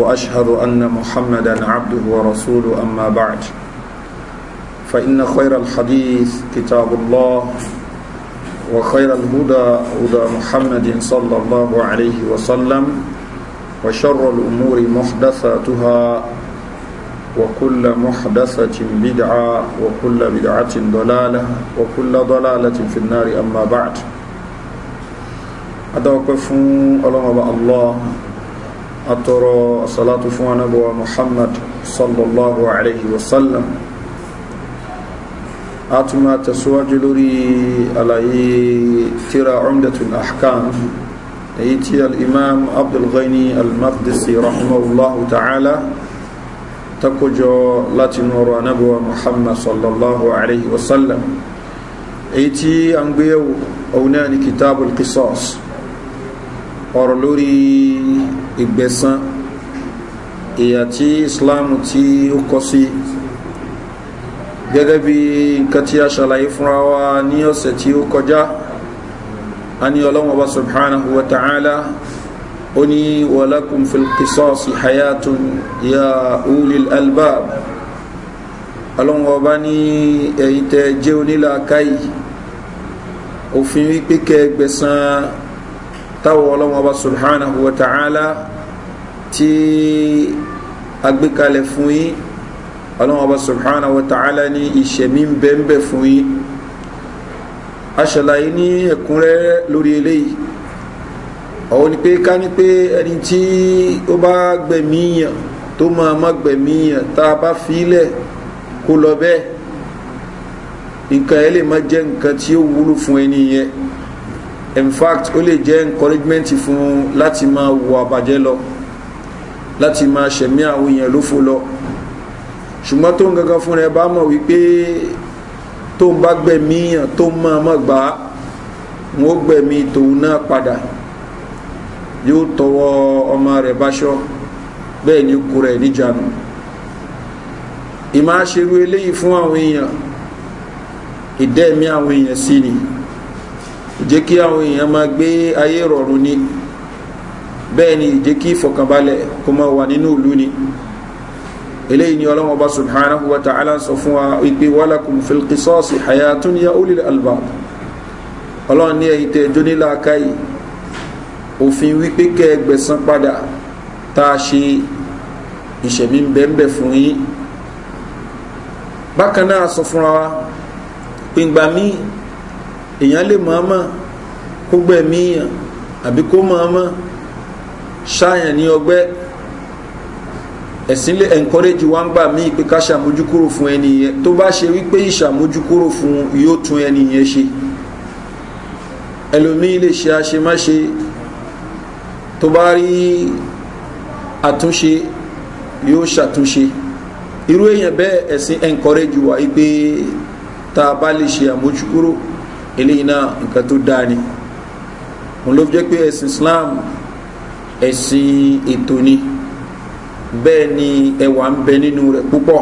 وأشهد أن محمدا عبده ورسوله أما بعد فإن خير الحديث كتاب الله وخير الهدى هدى محمد صلى الله عليه وسلم وشر الأمور محدثاتها وكل محدثة بدعة وكل بدعة ضلالة وكل ضلالة في النار أما بعد أدعوكم الله الله أترى صلاة فوانا بوا محمد صلى الله عليه وسلم أتما تسواج لري على ترى عمدة الأحكام أيتي الإمام عبد الغني المقدسي رحمه الله تعالى تكجو نور نبوة محمد صلى الله عليه وسلم أيتي أنبيو أوناني كتاب القصاص ọ̀rọ̀ lórí ìgbẹ̀san ìyà tí islam tí ó kọ sí gẹ́gẹ́ bí nǹkan tí a ṣàlàyé fúnra wa ní ọ̀sẹ̀ tí ó kọjá a ní ọlọ́wọ́ bá subhanahu wa ta'ala ó ní walakum fil hayatun ya ulil albab ọlọ́wọ́ bá ní ẹ̀yìn tẹ́ jẹ́ onílàákàyè òfin wípé kẹ́ gbẹ̀san táwọn ọlọ́mọba subhanahu wa ta'ala tí agbékalẹ̀ fún yín ọlọ́mọba subhanahu wa ta'ala ní ìṣẹ̀mí ń bẹ́ẹ̀ bẹ́ẹ̀ fún yín aṣàlàyé ní ẹ̀kúnrẹ́rẹ́ lórí eléyìí ọ̀wọ́ ni pé ká ní pé ẹni tí ó bá gbẹ̀míyàn tó máa má gbẹ̀míyàn tá a bá filẹ̀ kó lọ bẹ́ẹ̀ nǹkan ẹ lè má jẹ́ nǹkan tí ó wúlò fún ẹni yẹn in fact ó lè jẹ́ encouragement fún un láti máa wo àbàjẹ́ lọ láti máa ṣẹ̀mí àwọn èèyàn lófo lọ ṣùgbọ́n tó ń gangan fún rẹ bá mọ̀ wípé tó ń bá gbẹ̀mí yàn tó ń máa mọ̀ gbà á wọn ó gbẹ̀mí tòun náà padà yóò tọwọ́ ọmọ rẹ̀ báṣọ bẹ́ẹ̀ ni kú rẹ̀ níjànú ìmáṣerú eléyìí fún àwọn èèyàn ìdẹ́ẹ̀mí àwọn èèyàn sí ni jẹ́ kí àwọn èèyàn máa gbé ayé rọrùn ni bẹ́ẹ̀ ni jẹ́ kí ìfọ̀kànbalẹ̀ kó máa wà nínú ìlú ni eléyìí ni ọlọ́wọ́n bá subhanahu wa ta'ala sọ fún wa wípé walakum fil qisasi hayatun ya ulil albab ọlọ́run ní ẹ̀yìn tẹ́ jónílà káyì òfin wípé kẹ́ padà tá a ṣe ìṣẹ̀mí bẹ́ẹ̀nbẹ̀ fún yín bákan náà sọ fúnra wa pé ìgbà míì èèyàn lè mọ̀ọ́mọ̀ kó gbẹ̀míyàn àbí kó mọ̀ọ́mọ̀ ṣáàyàn ní ọgbẹ́ ẹ̀sìn lè encourage wa ń gbà mí pé ká ṣàmójúkúrò fún ẹni yẹn tó bá ṣe wípé ìṣàmójúkúrò fún yóò tún ẹni yẹn ṣe ẹlòmíì lè ṣe àṣemáṣe tó bá rí àtúnṣe yóò ṣàtúnṣe irú èèyàn bẹ́ẹ̀ ẹ̀sìn encourage wa wípé tá a bá lè ṣe àmójúkúrò eléyìí náà nǹkan tó dáa ni òun ló fi jẹ́ pé ẹ̀sìn Islam ẹ̀sìn ètò ni bẹ́ẹ̀ ni ẹwà ń bẹ nínú rẹ̀ púpọ̀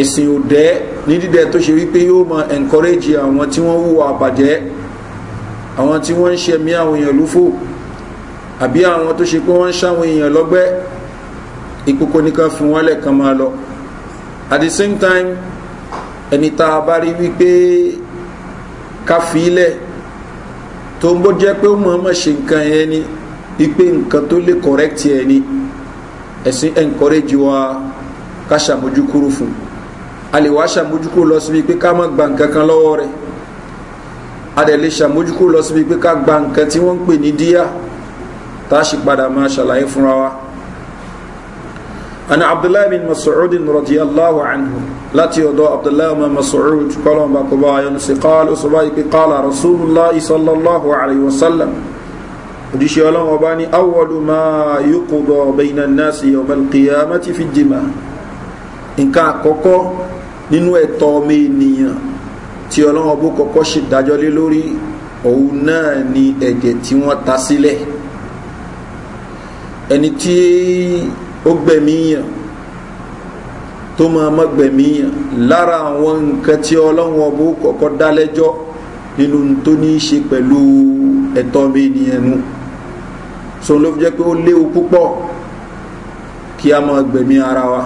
ẹ̀sìn òdẹ́ ní dídẹ tó ṣe wípé yóò máa encourage àwọn tí wọ́n hùwà àbàjẹ́ àwọn tí wọ́n ń ṣẹ̀mí àwọn èèyàn lófò àbí àwọn tó ṣe pé wọ́n ń ṣàwọn èèyàn lọ́gbẹ́ ìkókó nìkan fún wọn lẹ́ẹ̀kan máa lọ at the same time ẹni tá a bá rí wípé ká fi ilẹ̀ tó ń bó jẹ́ pé ó mọ̀ ọmọ ṣe nǹkan yẹn ni ipe nǹkan tó lè kọ̀rẹ́kìtì ẹ̀ ni ẹ̀sìn ẹ̀ǹkọ́rẹ́jì wa ká ṣàmójúkúrú fún a lè wá ṣàmójúkúrú lọ síbi pé ká má gba nǹkan kan lọ́wọ́ rẹ̀ a dẹ̀ lè ṣàmójúkúrú lọ síbi pé ká gba nǹkan tí wọ́n ń pè ní díà tá a sì padà máa ṣàlàyé fúnra wa. عن عبد الله بن مسعود رضي الله عنه لا تيودو عبد الله بن مسعود قالوا بقبا ينسي قال أصبائك قال رسول الله صلى الله عليه وسلم وديشي الله وباني أول ما يقضى بين الناس يوم القيامة في الدماء إن كان كوكو ننو التومي نيا تي الله وبو كوكو شداجو للوري òun náà ni ẹ̀jẹ̀ tí wọ́n ta sílẹ̀ ẹni tí ó gbẹ̀míyàn tó máa má gbẹ̀míyàn lára àwọn nǹkan tí ọlọ́run ọbọ̀ kọ̀ọ̀kan dálẹ́jọ́ nínú tó ní í ṣe pẹ̀lú ẹ̀tọ́ mi ènìyàn nu sọ ló fi jẹ́ pé ó léwu púpọ̀ kí a máa gbẹ̀mí ara wa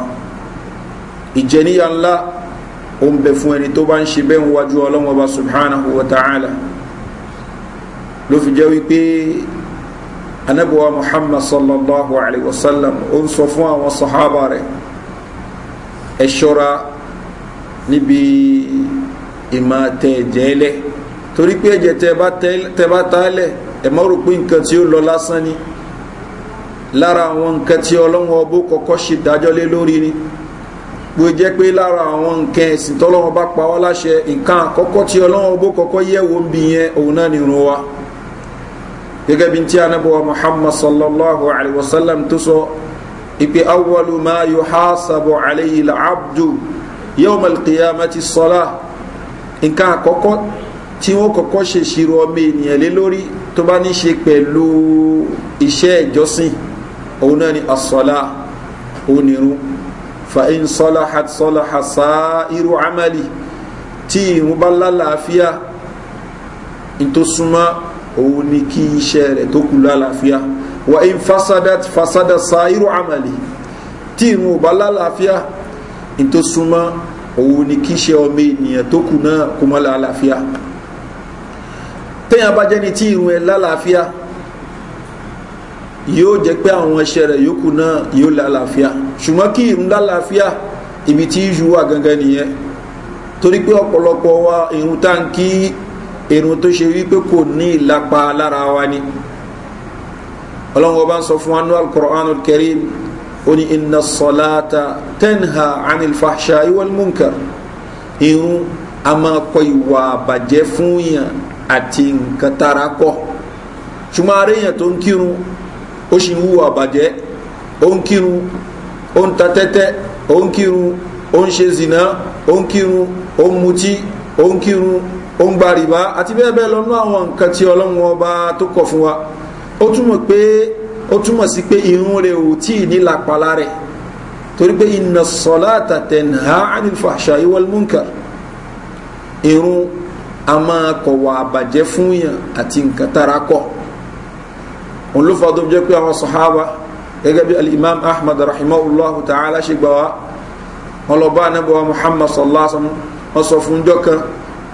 ìjẹníyà ńlá ó ń bẹ fún ẹni tó bá ń ṣe bẹ́ẹ̀ ń wájú ọlọ́run ọba subhanahu wa ta'ala ló fi jẹ́ wípé anabiwa muhammad sallallahu alayhi wa sallam ó ń sọ fún àwọn sahaba rẹ̀ ẹ ṣọ́ra níbi ìmọ̀ tẹ ẹ̀jẹ̀ lẹ̀ torí pé ẹ̀jẹ̀ tẹ bá ta lẹ̀ ẹ má rò pé nǹkan tí ó lọ lásán ni lára àwọn nǹkan tí ọlọ́wọ́n ọbó kọ́kọ́ ṣe dájọ́ lé lórí ni bó jẹ́ pé lára àwọn nǹkan ẹ̀sìn bá pa wá láṣẹ nǹkan àkọ́kọ́ tí ọlọ́wọ́n ọbó kọ́kọ́ yẹ̀wò ń bi yẹn òun náà nìrun wa gẹ́gẹ́ bí tí anábọ̀wá muhammad sallallahu alayhi wa sallam tó sọ ipe awwalu ma yu haasabu alayhi la abdu yawm alqiyamati sọlá nǹkan àkọ́kọ́ tí wọ́n kọ́kọ́ ṣe ṣirò ọmọ ènìyàn lé lórí tó bá ní ṣe pẹ̀lú iṣẹ́ ìjọsìn òun náà ni asọ́lá onírun fa'in sọ́lá sọ́lá sá irú amali tí ìrún bá lálàáfíà òun ni kí iṣẹ́ rẹ̀ tó kù lálàáfíà wà in fasadat fasada sairu amali tí ìrun ò bá lálàáfíà in tó súnmọ́ òun ni kí iṣẹ́ ọmọ ènìyàn tó kù náà kó mọ́ lálàáfíà téèyàn bá jẹ́ni tí ìrun ẹ̀ lálàáfíà yóò jẹ́ pé àwọn iṣẹ́ rẹ̀ yókù náà yóò lálàáfíà ṣùgbọ́n kí ìrun lálàáfíà ibi tí ìṣù wà gangan nìyẹn torí pé ọ̀pọ̀lọpọ̀ wa ìrun táǹkì irun tó ṣe wípé kò ní ìlapa lára wa ni ọlọ́run ọba ń sọ fún anú alukur'an kẹrin oní iná sọláta tẹ́nha anilfàṣà iwọlmúnkà irun a máa kọ ìwà àbàjẹ́ fún yàn àti nǹkan tara kọ́ ṣùgbọ́n aréyàn tó ń kírun ó sì ń hùwà àbàjẹ́ ó ń kírun ó ń ta tẹ́tẹ́ ó ń kírun ó ń ṣe zìnà ó ń kírun ó ń mutí ó ń kírun ó ń gba rìbá àti bẹ́ẹ̀ bẹ́ẹ̀ lọ́nú àwọn nǹkan tí ọlọ́run ọba tó kọ̀ fún wa ó túmọ̀ pé ó túmọ̀ sí pé irun rẹ̀ ò tí ì ní làpàlà rẹ̀ torí pé iná sọ̀lá àtàtẹ̀nà ànífà ṣàyíwọ́lmúnkà irun a máa kọ̀wà àbàjẹ́ fún yàn àti nǹkan tára kọ̀ òun ló fà tó pé àwọn sọ̀hábà gẹ́gẹ́ bí alimam ahmed rahimahullahu ta'ala ṣe gbà wá wọn lọ muhammad sallallahu alaihi sọ fún jọ́ kan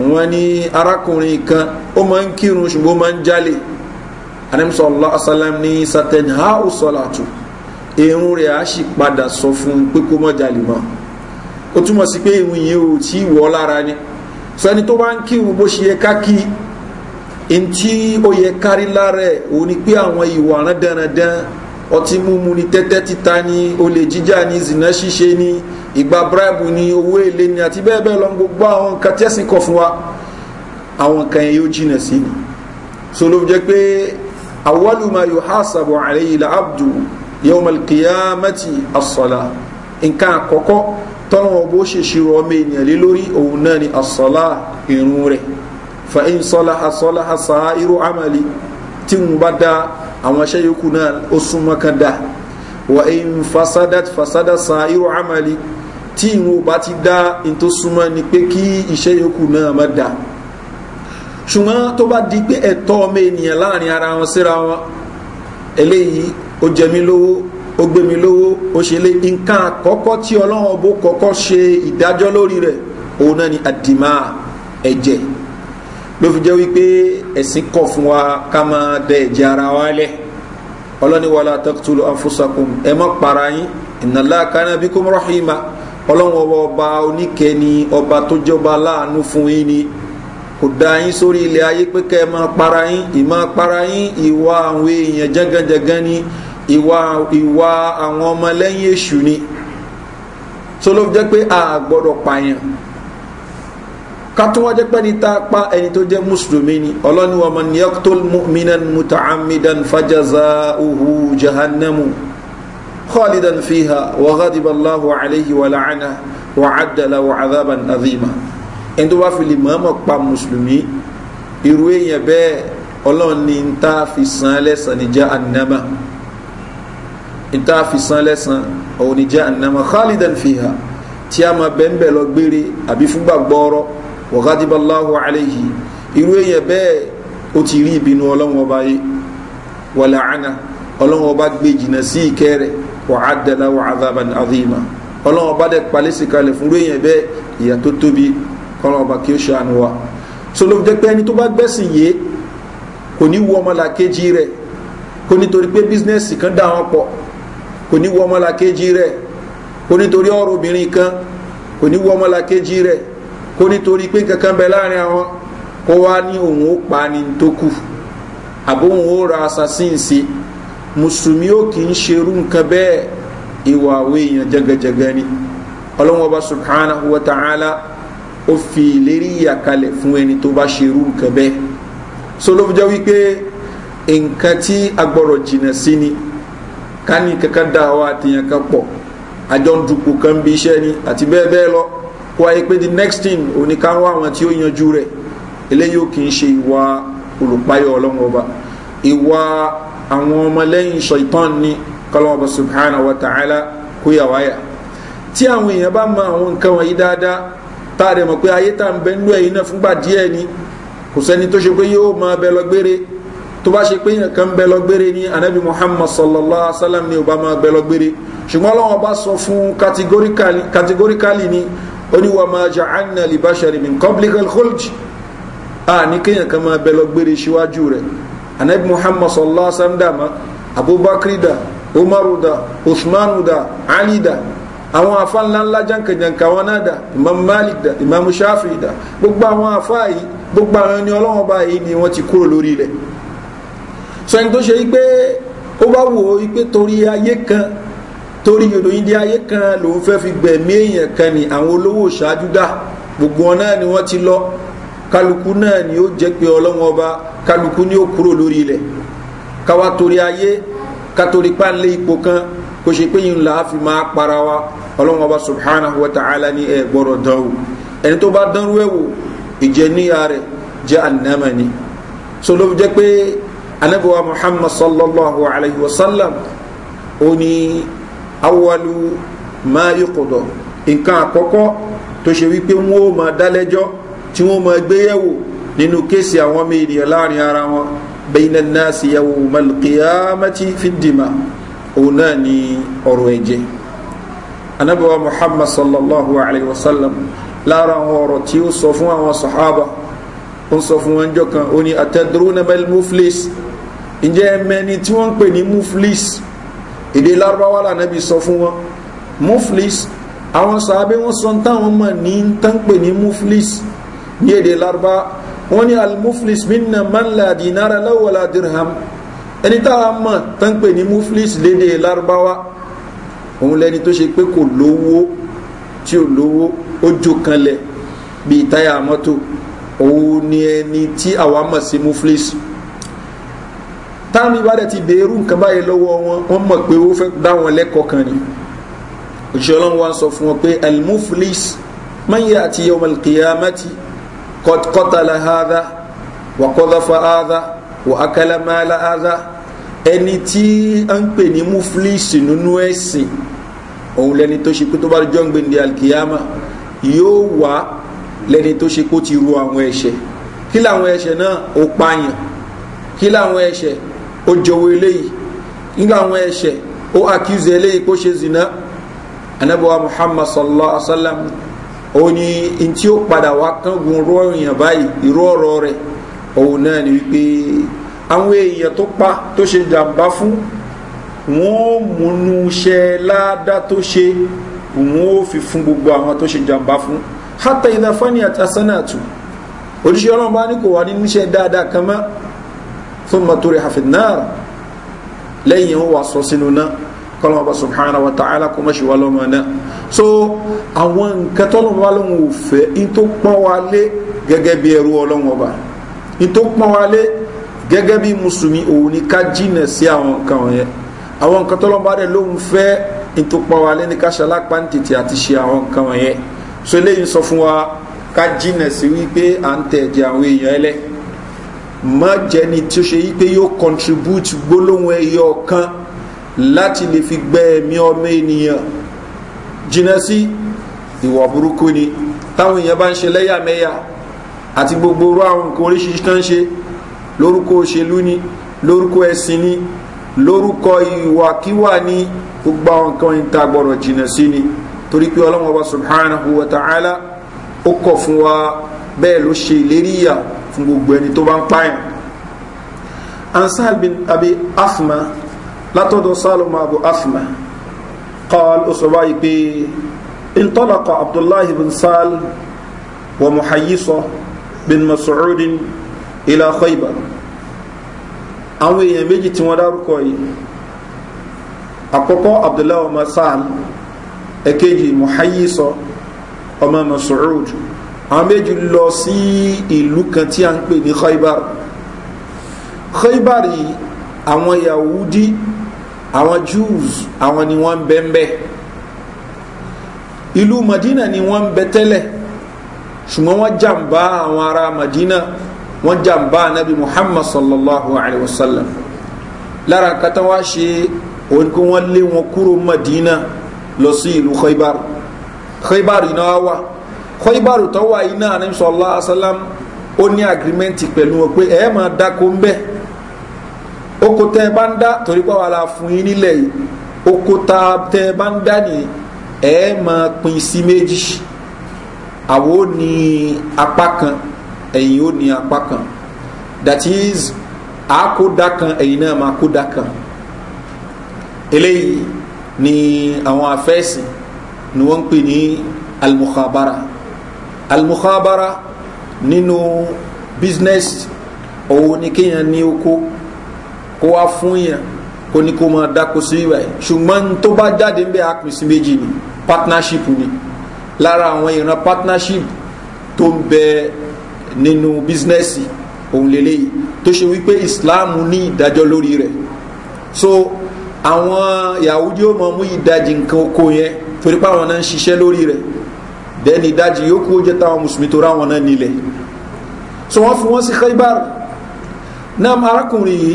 wọ́n ni arakunrin kan o ma n kirun ṣùgbọ́n ó máa ń jálè anamsọ allah asalam ni satan ha ó tu irun rẹ̀ a sì padà sọ fún un pé kó má jálè mọ́ ó túmọ̀ sí pé irun yìí ò tí wọ́ lára ni sọ ẹni tó bá ń kírun bó ṣe yẹ ká kí ntí ó yẹ kárí lára ẹ̀ òun ni pé àwọn ìwà rán dandan ọtí mímu ni tẹ́tẹ́ títa ni olè jíjà ni zìnà ṣíṣe ni ìgbà bíráìbù ni owó èlé ni àti bẹ́ẹ̀ bẹ́ẹ̀ lọ gbogbo àwọn nǹkan tí ẹ̀sìn kọ̀ fún wa àwọn nǹkan yẹn yóò jìnà sí ni so ló jẹ́ pé awwalu ma yuhasabu alayhi la abdu yawm al-qiyamati as nǹkan àkọ́kọ́ tọ́lọ́wọ́ bó ṣe ṣirò ọmọ ènìyàn lé lórí òun náà ni as irun rẹ̀ fa in salaha salaha sa'iru amali tí n bá da àwọn iṣẹ́ yòókù náà ó súnmọ́ kan da wa in fasadat fasada sa'iru amali tí irun bá ti dá in tó súnmọ́ ni pé kí iṣẹ́ yòókù náà má dá ṣùgbọ́n tó bá di pé ẹ̀tọ́ ọmọ ènìyàn láàrin ara wọn síra wọn eléyìí ó jẹ mí lówó ó gbé mi lówó ó ṣe lé nǹkan àkọ́kọ́ tí ọlọ́run bó kọ́kọ́ ṣe ìdájọ́ lórí rẹ̀ òun náà ni àdìmá ẹ̀jẹ̀ ló fi jẹ́ wípé ẹ̀sìn kọ̀ fún wa ká máa dẹ ẹ̀jẹ̀ ara wa lẹ̀ ọlọ́ni wàhálà taqtulu anfusakum ẹ má para yín inna Allaha kana bikum ọlọ́wọ́n ọba oníkẹ́ ni ọba tó jọba láàánú fún yín ni kò dá yín sórí ilẹ̀ ayé pé kẹ́ ẹ máa para yín ìmọ̀ para yín ìwà àwọn èèyàn jẹ́gànjẹ̀gàn ni ìwà ìwà àwọn ọmọlẹ́yìn èṣù ni tó jẹ́ pé a gbọ́dọ̀ pààyàn ká tó wọ́n jẹ́ pé ní tá pa ẹni tó jẹ́ mùsùlùmí ni ọlọ́ni wa man yaqtul mu'minan muta'ammidan fajaza uhu jahannamu. خالدا فيها وغضب الله عليه ولعنه وعد له عذابا عظيما ẹni tó bá fi lè mọ̀ọ́mọ̀ pa mùsùlùmí irú èèyàn bẹ́ẹ̀ ọlọ́run ní n tá a fi san lẹ́sàn ní já ànámà n tá a fi san lẹ́sàn ọ̀hún ní já ànámà khalidan fiha tí a máa bẹ́ẹ̀ bẹ́ẹ̀ lọ gbére àbí fúngbà gbọ́ọ́rọ́ wàhádìbáláhù aláìhí irú èèyàn bẹ́ẹ̀ ó ti rí ìbínú ọlọ́run ọba yìí wàlàánà ọlọ́run ọba gbé jìnnà sí ìkẹ́ rẹ̀ wà á dẹ̀lá wà á dábà ní àdìmá ọlọ́wọ́n bá dẹ̀ palẹ́ sí kalẹ̀ fún lóyìn ẹ̀bẹ́ ìyà tó tóbi kọ́lọ́wọ́n bá kí ó ṣàánú wa so ló jẹ́ pé ẹni tó bá gbẹ́sìn yé kò ní wọ ọmọlàkejì rẹ̀ kò nítorí pé bísínẹ́sì kan dá wọn pọ̀ kò ní wọ ọmọlàkejì rẹ̀ kò nítorí ọ̀rọ̀ obìnrin kan kò ní wọ ọmọlàkejì rẹ̀ kó nítorí pé kankan bẹ láàrin àwọn kó wá ní òun ó pa ni tó kù àbóhun ó ra assassin sí i mùsùlùmí ó kì í ṣerú nǹkan bẹ́ẹ̀ ìwà àwọn èèyàn jẹgẹjẹgẹ ni ọlọ́wọ́n ọba subhanahu wa ta'ala ó fi ìlérí ìyàkalẹ̀ fún ẹni tó bá ṣerú nǹkan bẹ́ẹ̀ so ló fi jẹ́ wípé nǹkan tí agbọ̀rọ̀ jìnà sí ni ká ní kankan dá wa àtìyàn kan pọ̀ àjọ ń dupò kan bí iṣẹ́ ni àti bẹ́ẹ̀ bẹ́ẹ̀ lọ kó wáyé pé the next thing òní ká wá àwọn tí ó yanjú rẹ̀ eléyìí ó kì í ṣe ìwà olùpáyọ̀ ọlọ́wọ́n ọba ìwà àwọn ọmọlẹ́yìn ṣaitan ni kọlọ́ọ̀bọ̀ subhanahu wa ta'ala kó yà wáyà tí àwọn èèyàn bá mọ àwọn nǹkan wọ̀nyí dáadáa tá a rẹ̀ mọ̀ pé ayé tá à ń bẹ nínú ẹ̀yìn náà fúngbà díẹ̀ ni kò sẹ́ni tó ṣe pé yóò máa bẹ lọ gbére tó bá ṣe pé nǹkan bẹ lọ gbére ni anabi muhammad sallallahu alaihi wa sallam ni ò bá máa bẹ lọ ṣùgbọ́n ọlọ́wọ́n bá sọ fún kàtígóríkàlì ni ó ní wàá máa jà ánà libashari min complicated hold à ní kéèyàn kan máa bẹ lọ síwájú rẹ̀ anabi muhammad sallallahu alaihi wasallam dà má abubakar dà umaru dà usmanu dà ali dà àwọn afa ńláńlá jankajanka wọn náà dà imam malik dà imam shafi dà gbogbo àwọn afa yìí gbogbo àwọn ẹni ọlọ́wọ́n bá yìí ni wọ́n ti kúrò lórí ilẹ̀ sọ ẹni tó ṣe yí pé ó bá wò ó yí pé torí ayé kan torí ìròyìn di ayé kan lòun fẹ́ fi gbẹ̀mí èèyàn kan ní àwọn olówó ṣáájú dà gbogbo wọn náà ni wọ́n ti lọ kálukú náà ni ó jẹ́ pé ọlọ́wọ́n ọba kálukú ni ó kúrò lórí ilẹ̀ káwa torí ayé kátorí páńlẹ̀ ipò kan kò ṣe pé yìí ńlá fi máa para wa ọlọ́wọ́n ọba subhanahu wa ta'ala ni ẹ gbọ́dọ̀ dán o ẹni tó bá dánrú ẹ̀ wò ìjẹniya rẹ̀ jẹ́ ànámà ni so ló fi pé anabiwa muhammad sallallahu alayhi wa sallam ó ní awalu máa yí kọ̀dọ̀ nǹkan àkọ́kọ́ tó ṣe wípé wọ́n ó máa dálẹ́jọ́ tí wọ́n máa gbé yẹ̀wò nínú kéèsì àwọn ọmọ ènìyàn láàrin ara wọn bẹ́yìn náà sì yẹ̀wò malkiyamati fìdímà òun náà ni ọ̀rọ̀ ẹ̀jẹ̀ anabiwa muhammad sallallahu alayhi wa sallam lára àwọn ọ̀rọ̀ tí ó sọ fún àwọn sàhábà ó sọ fún wọn jọ kan ó ní atadruna bal muflis ǹjẹ́ ẹ̀mẹ́ni tí wọ́n ń pè ní muflis èdè lárúbáwá lànàbí sọ fún wọn muflis àwọn sàábé wọn sọ táwọn mọ̀ ní tán pè ní muflis ní èdè larba wọ́n ní almuflis minna man la dinara lawala dirham ẹni táwa mọ̀ tán pè ní muflis lédè larbawa òun lẹni tó ṣe pé kò lówó tí ò lówó ó jó kanlẹ̀ bíi táyà mọ́tò òun ni ẹni tí àwa mọ̀ sí muflis táwọn ìbádẹ́ ti bèèrú nǹkan báyìí lọ́wọ́ wọn wọ́n mọ̀ pé ó fẹ́ dá wọn lẹ́kọ̀ọ́ kan ni òṣìṣẹ́ ọlọ́run wa sọ fún wọn pé almuflis man àti yọmọlkìyàmẹ́tì قد قتل هذا وقذف هذا وأكل مال هذا ẹni tí a ń pè ní mufilisi nínú ẹ̀sìn òun lẹni tó ṣe pé tó bá jọ́ ń gbé ní alkiyama yóò wá lẹni tó ṣe kó ti ru àwọn ẹ̀ṣẹ̀ kí làwọn ẹ̀ṣẹ̀ náà ó pààyàn kí làwọn ẹ̀ṣẹ̀ ó jọwọ́ eléyìí kí làwọn ẹ̀ṣẹ̀ ó accuse eléyìí kó ṣe zina anabawa muhammad sallallahu alaihi wa sallam òun ni n tí ó padà wá kángun rọrùn báyìí irú ọ̀rọ̀ rẹ̀ òun náà ni wípé àwọn èèyàn tó pa tó ṣe jàǹbá fún wọn ó múnú ṣe ládá tó ṣe wọn ó fi fún gbogbo àwọn tó ṣe jàǹbá fún hátà ìdáfáàní àti asánàtù òjíṣẹ́ ọlọ́run bá ní kò wá ní níṣẹ́ dáadáa kan mọ́ fún mọ́tòrí àfẹnáàrà lẹ́yìn wọn wà sọ sínú náà kọ́lọ́mọba subhanahu wa ta'ala kọ́mọ́ṣẹ́wà lọ́mọ náà so àwọn nǹkan tọ́lọ́run wá lóhun ò fẹ́ in tó pọ́n wa lé gẹ́gẹ́ bí ẹrú ọlọ́run ọba in tó pọ́n wa lé gẹ́gẹ́ bí mùsùlùmí òun ni ká jìnà sí àwọn nǹkan wọ̀nyẹn àwọn nǹkan tọ́lọ́run bá dẹ̀ lóhun fẹ́ in tó pọ́n wa lé ní ká ṣalápá ní tètè àti ṣe àwọn nǹkan wọ̀nyẹn so eléyìí sọ fún wa ká jìnà sí wípé à ń tẹ̀ àwọn èèyàn ẹlẹ́ má jẹni tí ó ṣe wípé yóò contribute gbólóhùn ẹyọ kan láti lè fi gbẹ ẹ̀mí ọmọ ènìyàn jìnnà sí ìwà burúkú ni táwọn èèyàn bá ń ṣe lẹ́yàmẹ́yà àti gbogbo orú àwọn nǹkan oríṣiríṣi kan ṣe lórúkọ òṣèlú ni lórúkọ ẹ̀sìn ni lórúkọ ìwàkíwà ni gbogbo àwọn nǹkan ìta gbọ́dọ̀ jìnnà sí ni torí pé ọlọ́run ọba subhanahu wa ta'ala ó kọ̀ fún wa bẹ́ẹ̀ ló ṣe ìlérí ìyà fún gbogbo ẹni tó bá ń pààyàn ansal bin abi afma látọ̀dọ̀ salomon abu afma قال أصبعي بي انطلق عبد الله بن سال ومحيصة بن مسعود إلى خيبر àwọn èèyàn méjì tí wọ́n dárúkọ yìí àkọ́kọ́ abdullahi ọmọ sáàl ẹ̀kejì muhayyisọ ọmọ masoud àwọn méjì lọ sí ìlú kan tí a ń pè ní khaibar khaibar yìí àwọn yahudi àwọn jews àwọn ni wọ́n ń bẹ́ ń bẹ́ ìlú madina ni wọ́n ń bẹ tẹ́lẹ̀ ṣùgbọ́n wọ́n jàǹbá àwọn ará madina wọ́n jàǹbá anabi muhammad sallallahu alayhi wa sallam lára kata wá ṣe òun kí lé wọn kúrò madina lọ sí ìlú khaybar khaybar iná wa khaybar tó wà iná anabi sallallahu alayhi wa sallam ó ní agirimẹ́ntì pẹ̀lú wọn pé ẹ̀ máa dáko ń bẹ́ẹ̀ oko tẹ́ ẹ bá ń dá torí pé wàá la fún yín nílẹ̀ yìí oko tẹ́ ẹ bá ń dá nìyẹn ẹ máa pín sí méjì àwo ní apá kan ẹ̀yin ó ní apá kan that is àákódá kan ẹ̀yin náà máa kódá kan eléyìí ni àwọn afẹ́sìn ni wọ́n ń pè ní almukhabara almukhabara nínú business òun ni kéèyàn ní oko kó wá fún yàn kó ní kó máa dáko sí ibà yìí ṣùgbọ́n tó bá jáde ń bẹ́ méjì ni partnership ni lára àwọn ìran partnership tó ń bẹ nínú bísínẹ́sì òun lélẹ́yìí tó ṣe wípé Islam ní ìdájọ́ lórí rẹ̀ so àwọn yahudi ó mọ mú ìdajì nǹkan oko yẹn torí pé àwọn náà ń ṣiṣẹ́ lórí rẹ̀ dẹ́ni ìdajì yóò kú ó táwọn mùsùlùmí tó ráwọn náà nílẹ̀ so wọ́n fi wọ́n sí khaibar náà arákùnrin yìí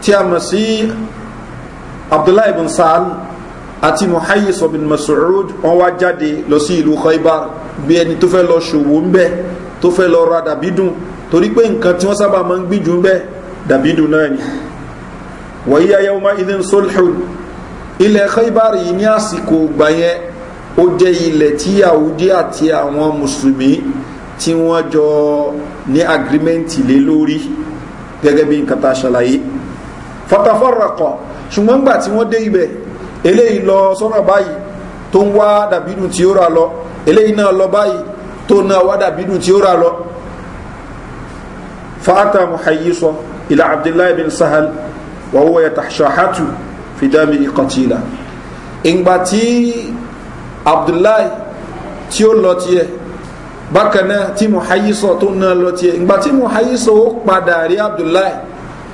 tí a mọ̀ sí abdullahi ibn sa'al àti muhayyis ibn mas'ud wọn wá jáde lọ sí ìlú khaybar bí ẹni tó fẹ́ lọ ṣòwò ń bẹ́ tó fẹ́ lọ ra dàbí dùn torí pé nǹkan tí wọ́n sábà máa ń gbìjú ń bẹ́ dàbí dùn náà ni wàyí ayáwọ́má idin sulhun ilẹ̀ khaybar yìí ní àsìkò gbà yẹn ó jẹ́ ilẹ̀ tí yahudi àti àwọn mùsùlùmí tí wọ́n jọ ní agirimẹ́ǹtì lé lórí gẹ́gẹ́ bí nǹkan tá a ṣàlàyé fatafarraqa ṣùgbọ́n gbà tí wọ́n dé ibẹ̀ eléyìí lọ sọ́nà báyìí tó ń wá dàbídù tí ó rà lọ eléyìí náà lọ báyìí tó náà wá dàbídù tí ó rà lọ fa'ata muhayyiso ila abdullahi bin sahal wa huwa yatashahatu fi dami qatila ìgbà tí abdullahi tí ó lọ tiẹ̀ bákan náà tí muhayyiso tó náà lọ tiẹ̀ ìgbà tí muhayyiso ó padà rí abdullahi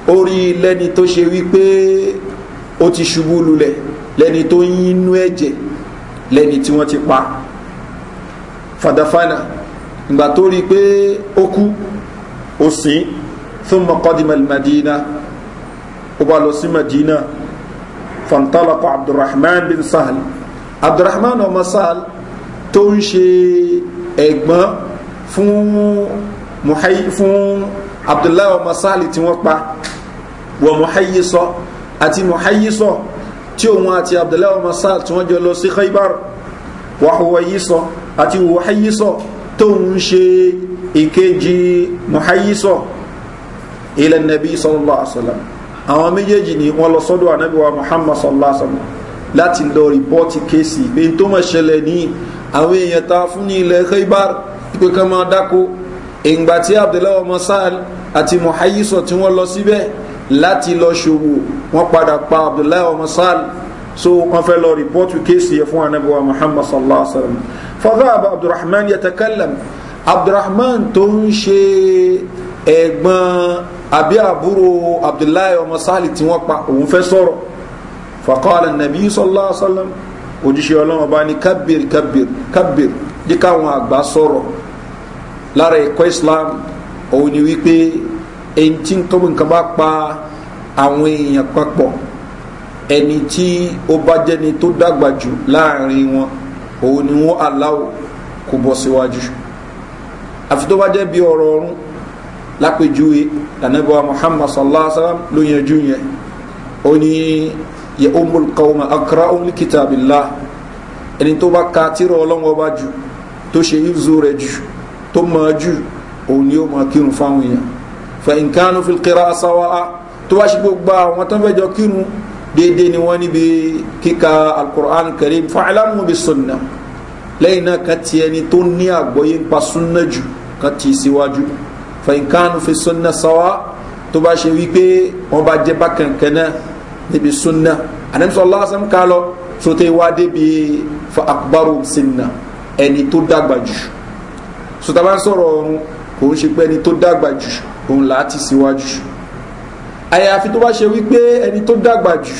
orí lẹ́ni tó ṣe wípé ó ti ṣubú lulẹ̀ lẹ́ni tó ń yínú ẹ̀jẹ̀ lẹ́ni tí wọ́n ti pa fàdáfánà ìgbà tó rí pé ó kú ó sìn fún mọ́kọ́dìmọ̀ madina ó bá lọ sí madina fantalakọ abdulrahman bin sahal abdulrahman ọmọ sahal tó ń ṣe ẹ̀gbọ́n fún muhayi fún abdullahi ọmọ sáàlì tí wọ́n pa wọ muhayyisọ àti muhayyisọ tí òun àti abdullahi ọmọ sáàlì tí wọ́n jọ lọ sí khaybar wà huwayyisọ àti huwayyisọ tóun ń ṣe ìkejì muhayyisọ ilẹ̀ nàbí sallallahu alaihi wasallam àwọn méjèèjì ni wọ́n lọ sọ́dọ̀ ànábìwá muhammad sallallahu alaihi wasallam láti lọ rìpọ́tì kéèsì pé tó mọ̀ ṣẹlẹ̀ ní àwọn èèyàn ta fún ní ilẹ̀ khaybar ìpè máa dáko ìgbà tí abdullahi ọmọ sáàl àti muhayiso tí wọ́n lọ síbẹ̀ láti lọ ṣòwò wọ́n padà pa abdullahi ọmọ sáàl so wọ́n fẹ́ lọ rìpọ́tù kéèsì yẹ fún anabiwa muhammad sallallahu alaihi wa sallam fadhaba abdulrahman yatakallam abdulrahman tó ń ṣe ẹ̀gbọ́n àbí àbúrò abdullahi ọmọ sáàl tí wọ́n pa òun fẹ́ sọ̀rọ̀ faqala nabi sallallahu alaihi wa sallam ojúṣe ọlọ́run ọba ní kábìr kábìr díkà àwọn àgbà sọ̀rọ̀ lára ẹ̀kọ́ islam òun ni wípé ẹni tí ń tọ́mù nǹkan bá pa àwọn èèyàn papọ̀ ẹni tí ó bá jẹ́ni tó dàgbà jù láàrin wọn òun ni wọ́n aláwọ̀ kò bọ́ síwájú àfi tó bá jẹ́ bí ọ̀rọ̀ ọ̀run lápèjúwe lànàbọ̀ muhammad sallallahu alaihi wa sallam ló yanjú yẹn ó ní yẹ omul kawma akra omul kitabillah ẹni tó bá ka tírọ̀ ọlọ́wọ́ bá jù tó ṣe ìfzó rẹ̀ jù tó mọ̀ jù òun ni ó mọ̀ kírun fáwọn èèyàn fẹ̀yìnkánu fi kíra asáwá tó bá ṣe gbogbo àwọn tó ń fẹ́jọ kírun déédéé ni wọ́n níbi kíka alukur'an karim fàcílámù bí sunna lẹ́yìn náà kan ti ẹni tó ní àgbọ́yé ń pa sunna jù kan ti síwájú fẹ̀yìnkánu fi sunna sáwá tó bá ṣe wípé wọ́n bá jẹ́ bákan kan náà níbi sunna anamisa ọlọ́sàn kálọ̀ sotẹ́ wá débi fa akbaru sinna ẹni tó dàgbà jù sọta bá ń sọ̀rọ̀ ọrùn kò ń ṣe pé ẹni tó dàgbà jù òun láti síwájú àyàfi tó bá ṣe wípé ẹni tó dàgbà jù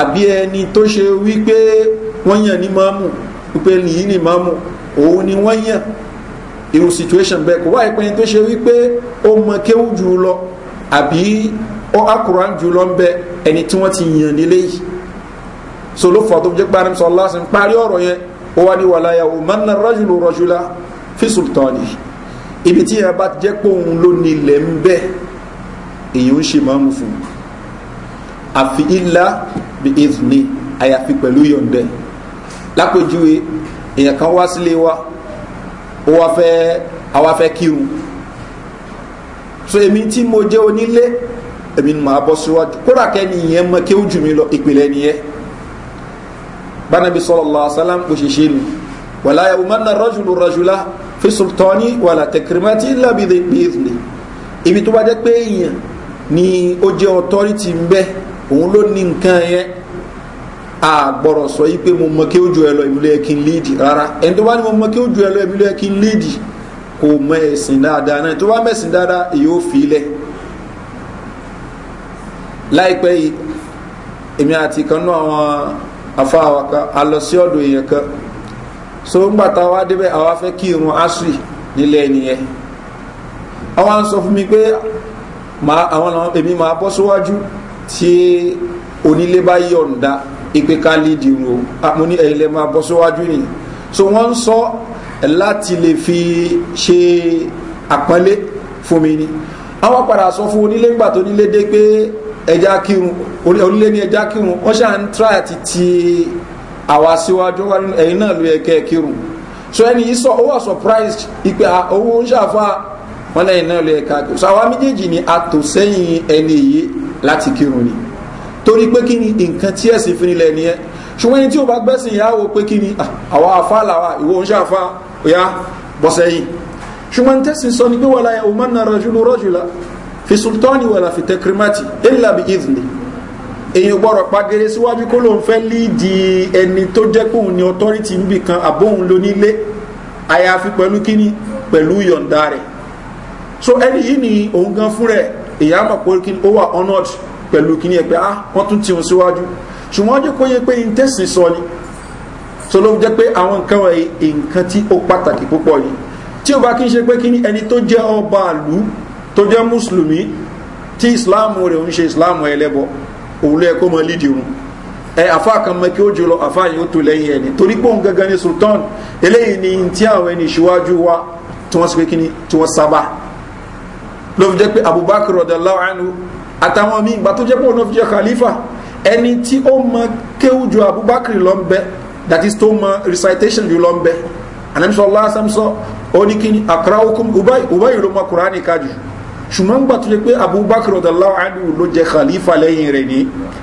àbí ẹni tó ṣe wípé wọ́n yàn ní máàmù wípé nìyí ní máàmù òun ni wọ́n yàn irú situation bẹ́ẹ̀ kò wáyé pé ẹni tó ṣe wípé ó mọ kéwù jù lọ àbí ó akuran jù lọ ń bẹ ẹni tí wọ́n ti yàn nílé yìí so ló fọ́ tó jẹ́ parí sọ lásán parí ọ̀rọ̀ yẹn ó wá ní wàlàyà ò mọ́nà rọ́jùlù rọ́jùlá fi sultani ibi tí ẹ bá jẹ́ pé òun ló nílẹ̀ ń bẹ́ èyàn ń ṣe mọ́mú fún un àfi ilá bí ìzùní àyàfi pẹ̀lú yọ̀ǹdẹ̀ lápèjúwe èyàn kan wá sílé wa ó wá fẹ́ àwa fẹ́ kírun so èmi tí mo jẹ́ onílé èmi ni màá bọ́ síwájú kódà kẹ́ni ìyẹn mọ kéwù jù mí lọ ìpìlẹ̀ nìyẹn bánabi sọlọ lọ àṣálàm kò ṣe ṣe nu wàláyà ọmọ rọjùlù rọjùlá fi sultani wàlà tẹkìrìmátì lábìlẹ̀ bíìlì ibi tó bá jẹ́ pé èèyàn ni ó jẹ́ ọtọ́rìtì ń bẹ́ òun ló ní nǹkan yẹn àgbọ̀rọ̀ sọ yí pé mo mọ kí ó ju ẹ lọ ìmúlẹ̀ ẹ kí n léèdì rárá ẹni tó bá ní mo mọ kí ó ju ẹ lọ ìmúlẹ̀ ẹ kí n léèdì kò mọ ẹ̀sìn dáadáa náà tó bá mẹ̀sìn dáadáa èyí fi lẹ̀ láìpẹ́ yìí èmi àti kan náà àwọn afáwàká a lọ sí ọ̀dọ̀ kan so ńgbà tá a wá débẹ̀ àwa fẹ́ kí irun asri nílé ẹni yẹn àwọn sọ fún mi pé àwọn èmi máa bọ́ síwájú tí onílé bá yọ̀ǹda ìpè ká lè dìrò mo ní ẹ̀yìn lè máa bọ́ síwájú nìyẹn so wọ́n ń sọ láti lè fi ṣe àpọ́nlé fún mi ni àwọn padà sọ fún onílé ńgbà tó nílé dé pé ẹja kírun onílé ní ẹja kírun wọ́n ṣáà ń tíráyà ti ti àwa síwájú ẹ̀yin náà ló yẹ kẹ́ ẹ kírun so ẹni yìí sọ ó wà surprised ipe ah, owó ń ṣàfà wọn lẹ́yìn náà ló yẹ ká kírun so àwa méjèèjì ni a tò sẹ́yìn ẹni yìí láti kírun ni torí pé kí ni nǹkan tí ẹ̀sìn fi nílẹ̀ nìyẹn ṣùgbọ́n ẹni tí ó bá gbẹ́sìn ìyáwó pé kí ni ah, àwa àfa làwa ìwọ ń ṣàfà òyà bọ́sẹ̀yìn ṣùgbọ́n tẹ́sí sọ ní pé wọ́n láyé ọmọ náà rajulu rajula fi sultani wala fi takrimati illa bi èyàn gbọ́rọ̀ pagere síwájú kó lóun fẹ́ líìdì ẹni tó jẹ́ pé òun ni authority níbì kan àbóhun lónílé àyàfi pẹ̀lú kíní pẹ̀lú yọ̀ǹda rẹ̀ so ẹni yìí ni òun gan fún rẹ̀ èyàn mọ̀ pé kíní ó wà honoured pẹ̀lú kíní ẹgbẹ́ ah wọ́n tún ti hàn síwájú ṣùgbọ́n jẹ́ kó yẹ pé n tẹ̀sìn sọ ni so ló jẹ́ pé àwọn nǹkan wọ̀nyí nǹkan tí ó pàtàkì púpọ̀ yìí tí ó bá kí n ṣe pé kíní ẹni tó jẹ́ ọba àlú tó jẹ́ mùsùlùmí tí ìsìláàmù rẹ̀ òun ṣe ìsìláàmù ẹlẹ́bọ̀ọ́ òun ló yẹ kó mọ lídìí ẹ afa kan mọ kí ó jùlọ afa yìí ó tó lẹ́yìn ẹni torí pé gangan ni sultan eléyìí ni tí àwọn ẹni ìṣíwájú wa tí wọ́n sì pé kíni tí wọ́n sábà ló fi jẹ́ pé abubakar ọ̀dàláwà ẹnu àtàwọn míì ìgbà tó jẹ́ pé òun fi jẹ́ khalifa ẹni tí ó mọ kéwù ju abubakar lọ ń bẹ that is tó mọ recitation jù lọ ń bẹ anamisọ lásán sọ ó ní kíni akra okun ubayi ló mọ kuraani ká ṣùgbọ́n gbà tó lè pé abubakar ọ̀dàláwà ánìwò ló jẹ khalifa lẹ́yìn rẹ̀ ní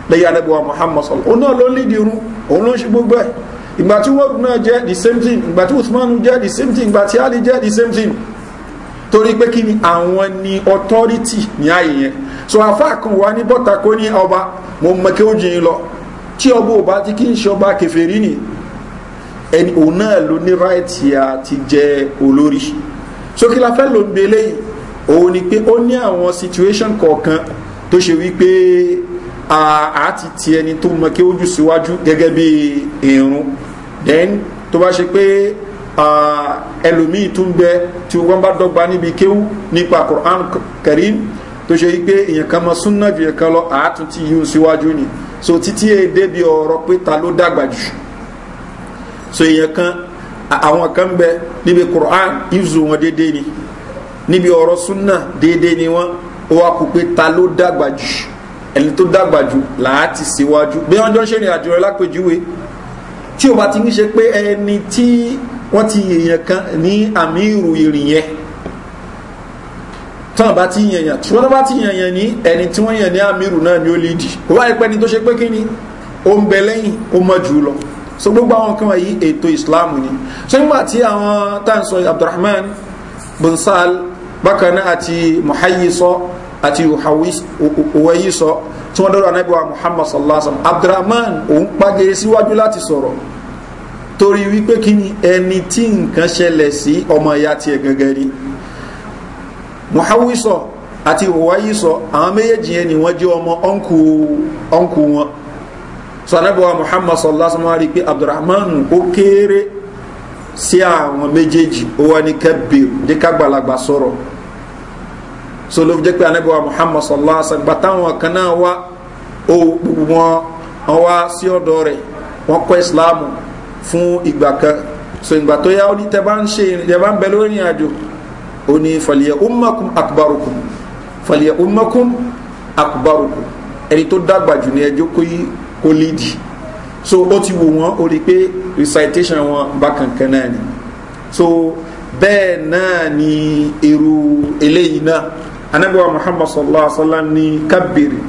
lẹ́yìn anábọ̀wá muhammad sọ̀rọ̀ òun náà ló ń lédi irun òun ló ń ṣe gbogbo ẹ̀ ìgbà tí wọ́n náà jẹ́ the same thing ìgbà tí usmanu jẹ́ the same thing ìgbà tí ali jẹ́ the same thing torí pé kí ni àwọn ni authority ní ààyè yẹn so àfáà kan wà ní bọ́ta kó ní ọba mo mọ kí ó jìn lọ tí ọba ò bá ti kí ń ṣe ọba kẹfẹ́rí ni ẹni òun náà ló ní right àti jẹ olórí so kí la fẹ́ ló ń gbé òun ni pé ó ní àwọn situation kọ̀ọ̀kan tó ṣe wípé a ti ti ẹni tó mọ kí ó jù síwájú gẹ́gẹ́ bí irun then tó bá ṣe pé ẹlòmíì tún gbẹ tí wọ́n bá dọ́gba níbi kéwú nípa Quran Karim tó ṣe wípé èèyàn kan mọ súnà jù yẹn kan lọ àátún ti yún síwájú ni so títí èdè bí ọ̀rọ̀ pé ta ló dàgbà jù so èèyàn kan àwọn kan bẹ níbi Quran ìzù wọn déédéé ni níbi ọ̀rọ̀ súnà déédéé ni wọ́n ó wá kó pé ta ló dàgbà jù ẹni tó dàgbà jù làá ti síwájú bí wọ́n jọ ń ṣèrìn àjò rẹ lápèjúwe tí o bá ti ń ṣe pé ẹni tí wọ́n ti yèèyàn kan ní àmì ìrù ìrìn yẹn tán bá ti yẹ̀yàn tí wọ́n bá ti yẹ̀yàn ní ẹni tí wọ́n yẹ̀ ní àmìrù náà ni ó lè dì ó wáyé pẹ́ni tó ṣe pé kí ni ó ń bẹ lẹ́yìn ó mọ̀ jù lọ so gbogbo àwọn kan wọ̀nyí ètò islam ni so nígbà tí àwọn táǹsọ̀ abdulrahman bin bákan náà àti muhayyisọ àti uwayisọ tí wọ́n dọ́rọ̀ anábì wa muhammad sallallahu alaihi wa sallam abdulrahman òun pàgẹ́rẹ́ síwájú láti sọ̀rọ̀ torí wípé kí ni ẹni tí nǹkan ṣẹlẹ̀ sí ọmọ ìyá tiẹ̀ gẹ́gẹ́ rí muhawisọ àti uwayisọ àwọn méjèèjì yẹn ni wọ́n jẹ́ ọmọ ọ̀nkù ọ̀nkù wọn so anábì muhammad sallallahu alaihi rí pé abdulrahman ó kéré sí àwọn méjèèjì ó wá ní kẹ́bìrì dé sọ̀rọ̀ so ló fi jẹ́ pé anabiwa muhammad sallallahu alaihi wa sallam bàtà wọn kan náà wá ó gbogbo wọn wọn wá sí ọ̀dọ̀ rẹ̀ wọn kọ́ ìsìláàmù fún ìgbà kan so ìgbà tó yá ó ní tẹ́ bá ń ṣe ìrìn bá ń bẹ lórí ìrìn àjò ó ní fàlìyà ummakum akbarukum fàlìyà ummakum akbarukum ẹni tó dàgbà jù ní ẹjọ́ kó lídìí so ó ti wò wọ́n ó rí pé recitation wọn bákan kan náà ni so bẹ́ẹ̀ náà ni irú eléyìí náà anabiwa muhammad sallallahu alaihi wa sallam ni kábìrì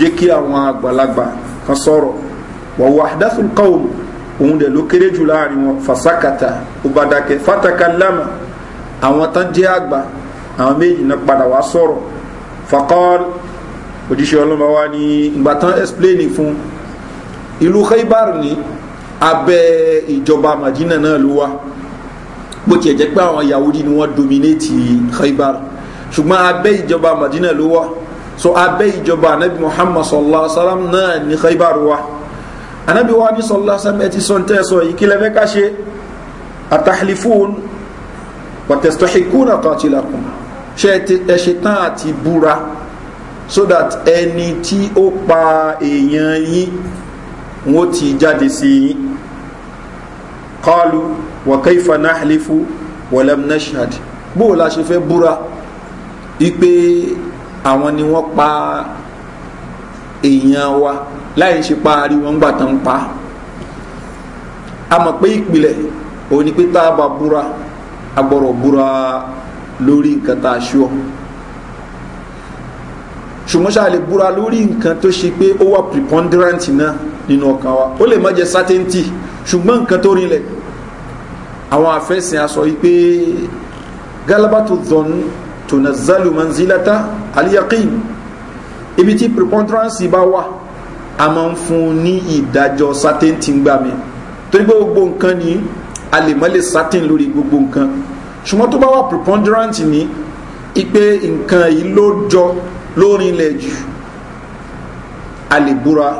jẹ́ kí àwọn àgbàlagbà kan sọ̀rọ̀ wàhùn àdásùn káwọn òun dẹ̀ ló kéré jù láàrin wọn fàṣàkàtà òbàdàkẹ́ fàtàkàlámà àwọn tán jẹ́ àgbà àwọn méjì náà padà wá sọ̀rọ̀ fàkọ́ọ́lù òjíṣẹ́ ọlọ́mọ wa ni ìgbà tán explain fún ìlú khaybar ní abẹ́ ìjọba madina náà ló wá bó tiẹ̀ jẹ́ pé àwọn yahudi ni wọ́n dominate khaybar ṣùgbọ́n abẹ́ ìjọba madina ló wà so abẹ́ ìjọba anabi muhammad sallallahu alaihi wa sallam náà ní khaybar wa anabi wa ni sallallahu alaihi wa sallam ẹ ti sọ ní tẹ́sọ̀ yìí kí lẹ́fẹ́ ká ṣe atahlifun wàtẹ̀sítọ́hìkúnà kọ́tìlákùn ṣe ẹ ṣe tán àti búra so that ẹni tí ó pa èèyàn yín wọ́n ti jáde sí yín kọlu wàkẹ́ ìfanáhìlífù wọ̀lẹ́mnáṣáàdì bóòlá ṣe fẹ́ búra ipe àwọn ni wọ́n pa èèyàn wa láì ṣe pa ariwo ńgbà tó ń pa a mọ̀ pé ìpìlẹ̀ òun ni pé tá a bá búra a gbọ́dọ̀ búra lórí nǹkan tá a ṣọ́ ṣùgbọ́n ṣáà lè búra lórí nǹkan tó ṣe pé ó wà preponderant náà nínú ọkàn wa ó lè má jẹ certainty ṣùgbọ́n nǹkan tó rinlẹ̀ àwọn àfẹ́sìn aṣọ yìí pé galabatu zọ̀nù tunazzalu manzilata aliyaqin ibi tí preponderance bá wà a máa ń fún un ní ìdájọ́ certain tí ń gbà mí torí gbogbo nǹkan ni a lè mọ́ lè certain lórí gbogbo nǹkan ṣùgbọ́n tó bá wà preponderant ní ipe nǹkan yìí ló jọ lórí ilẹ̀ jù a lè búra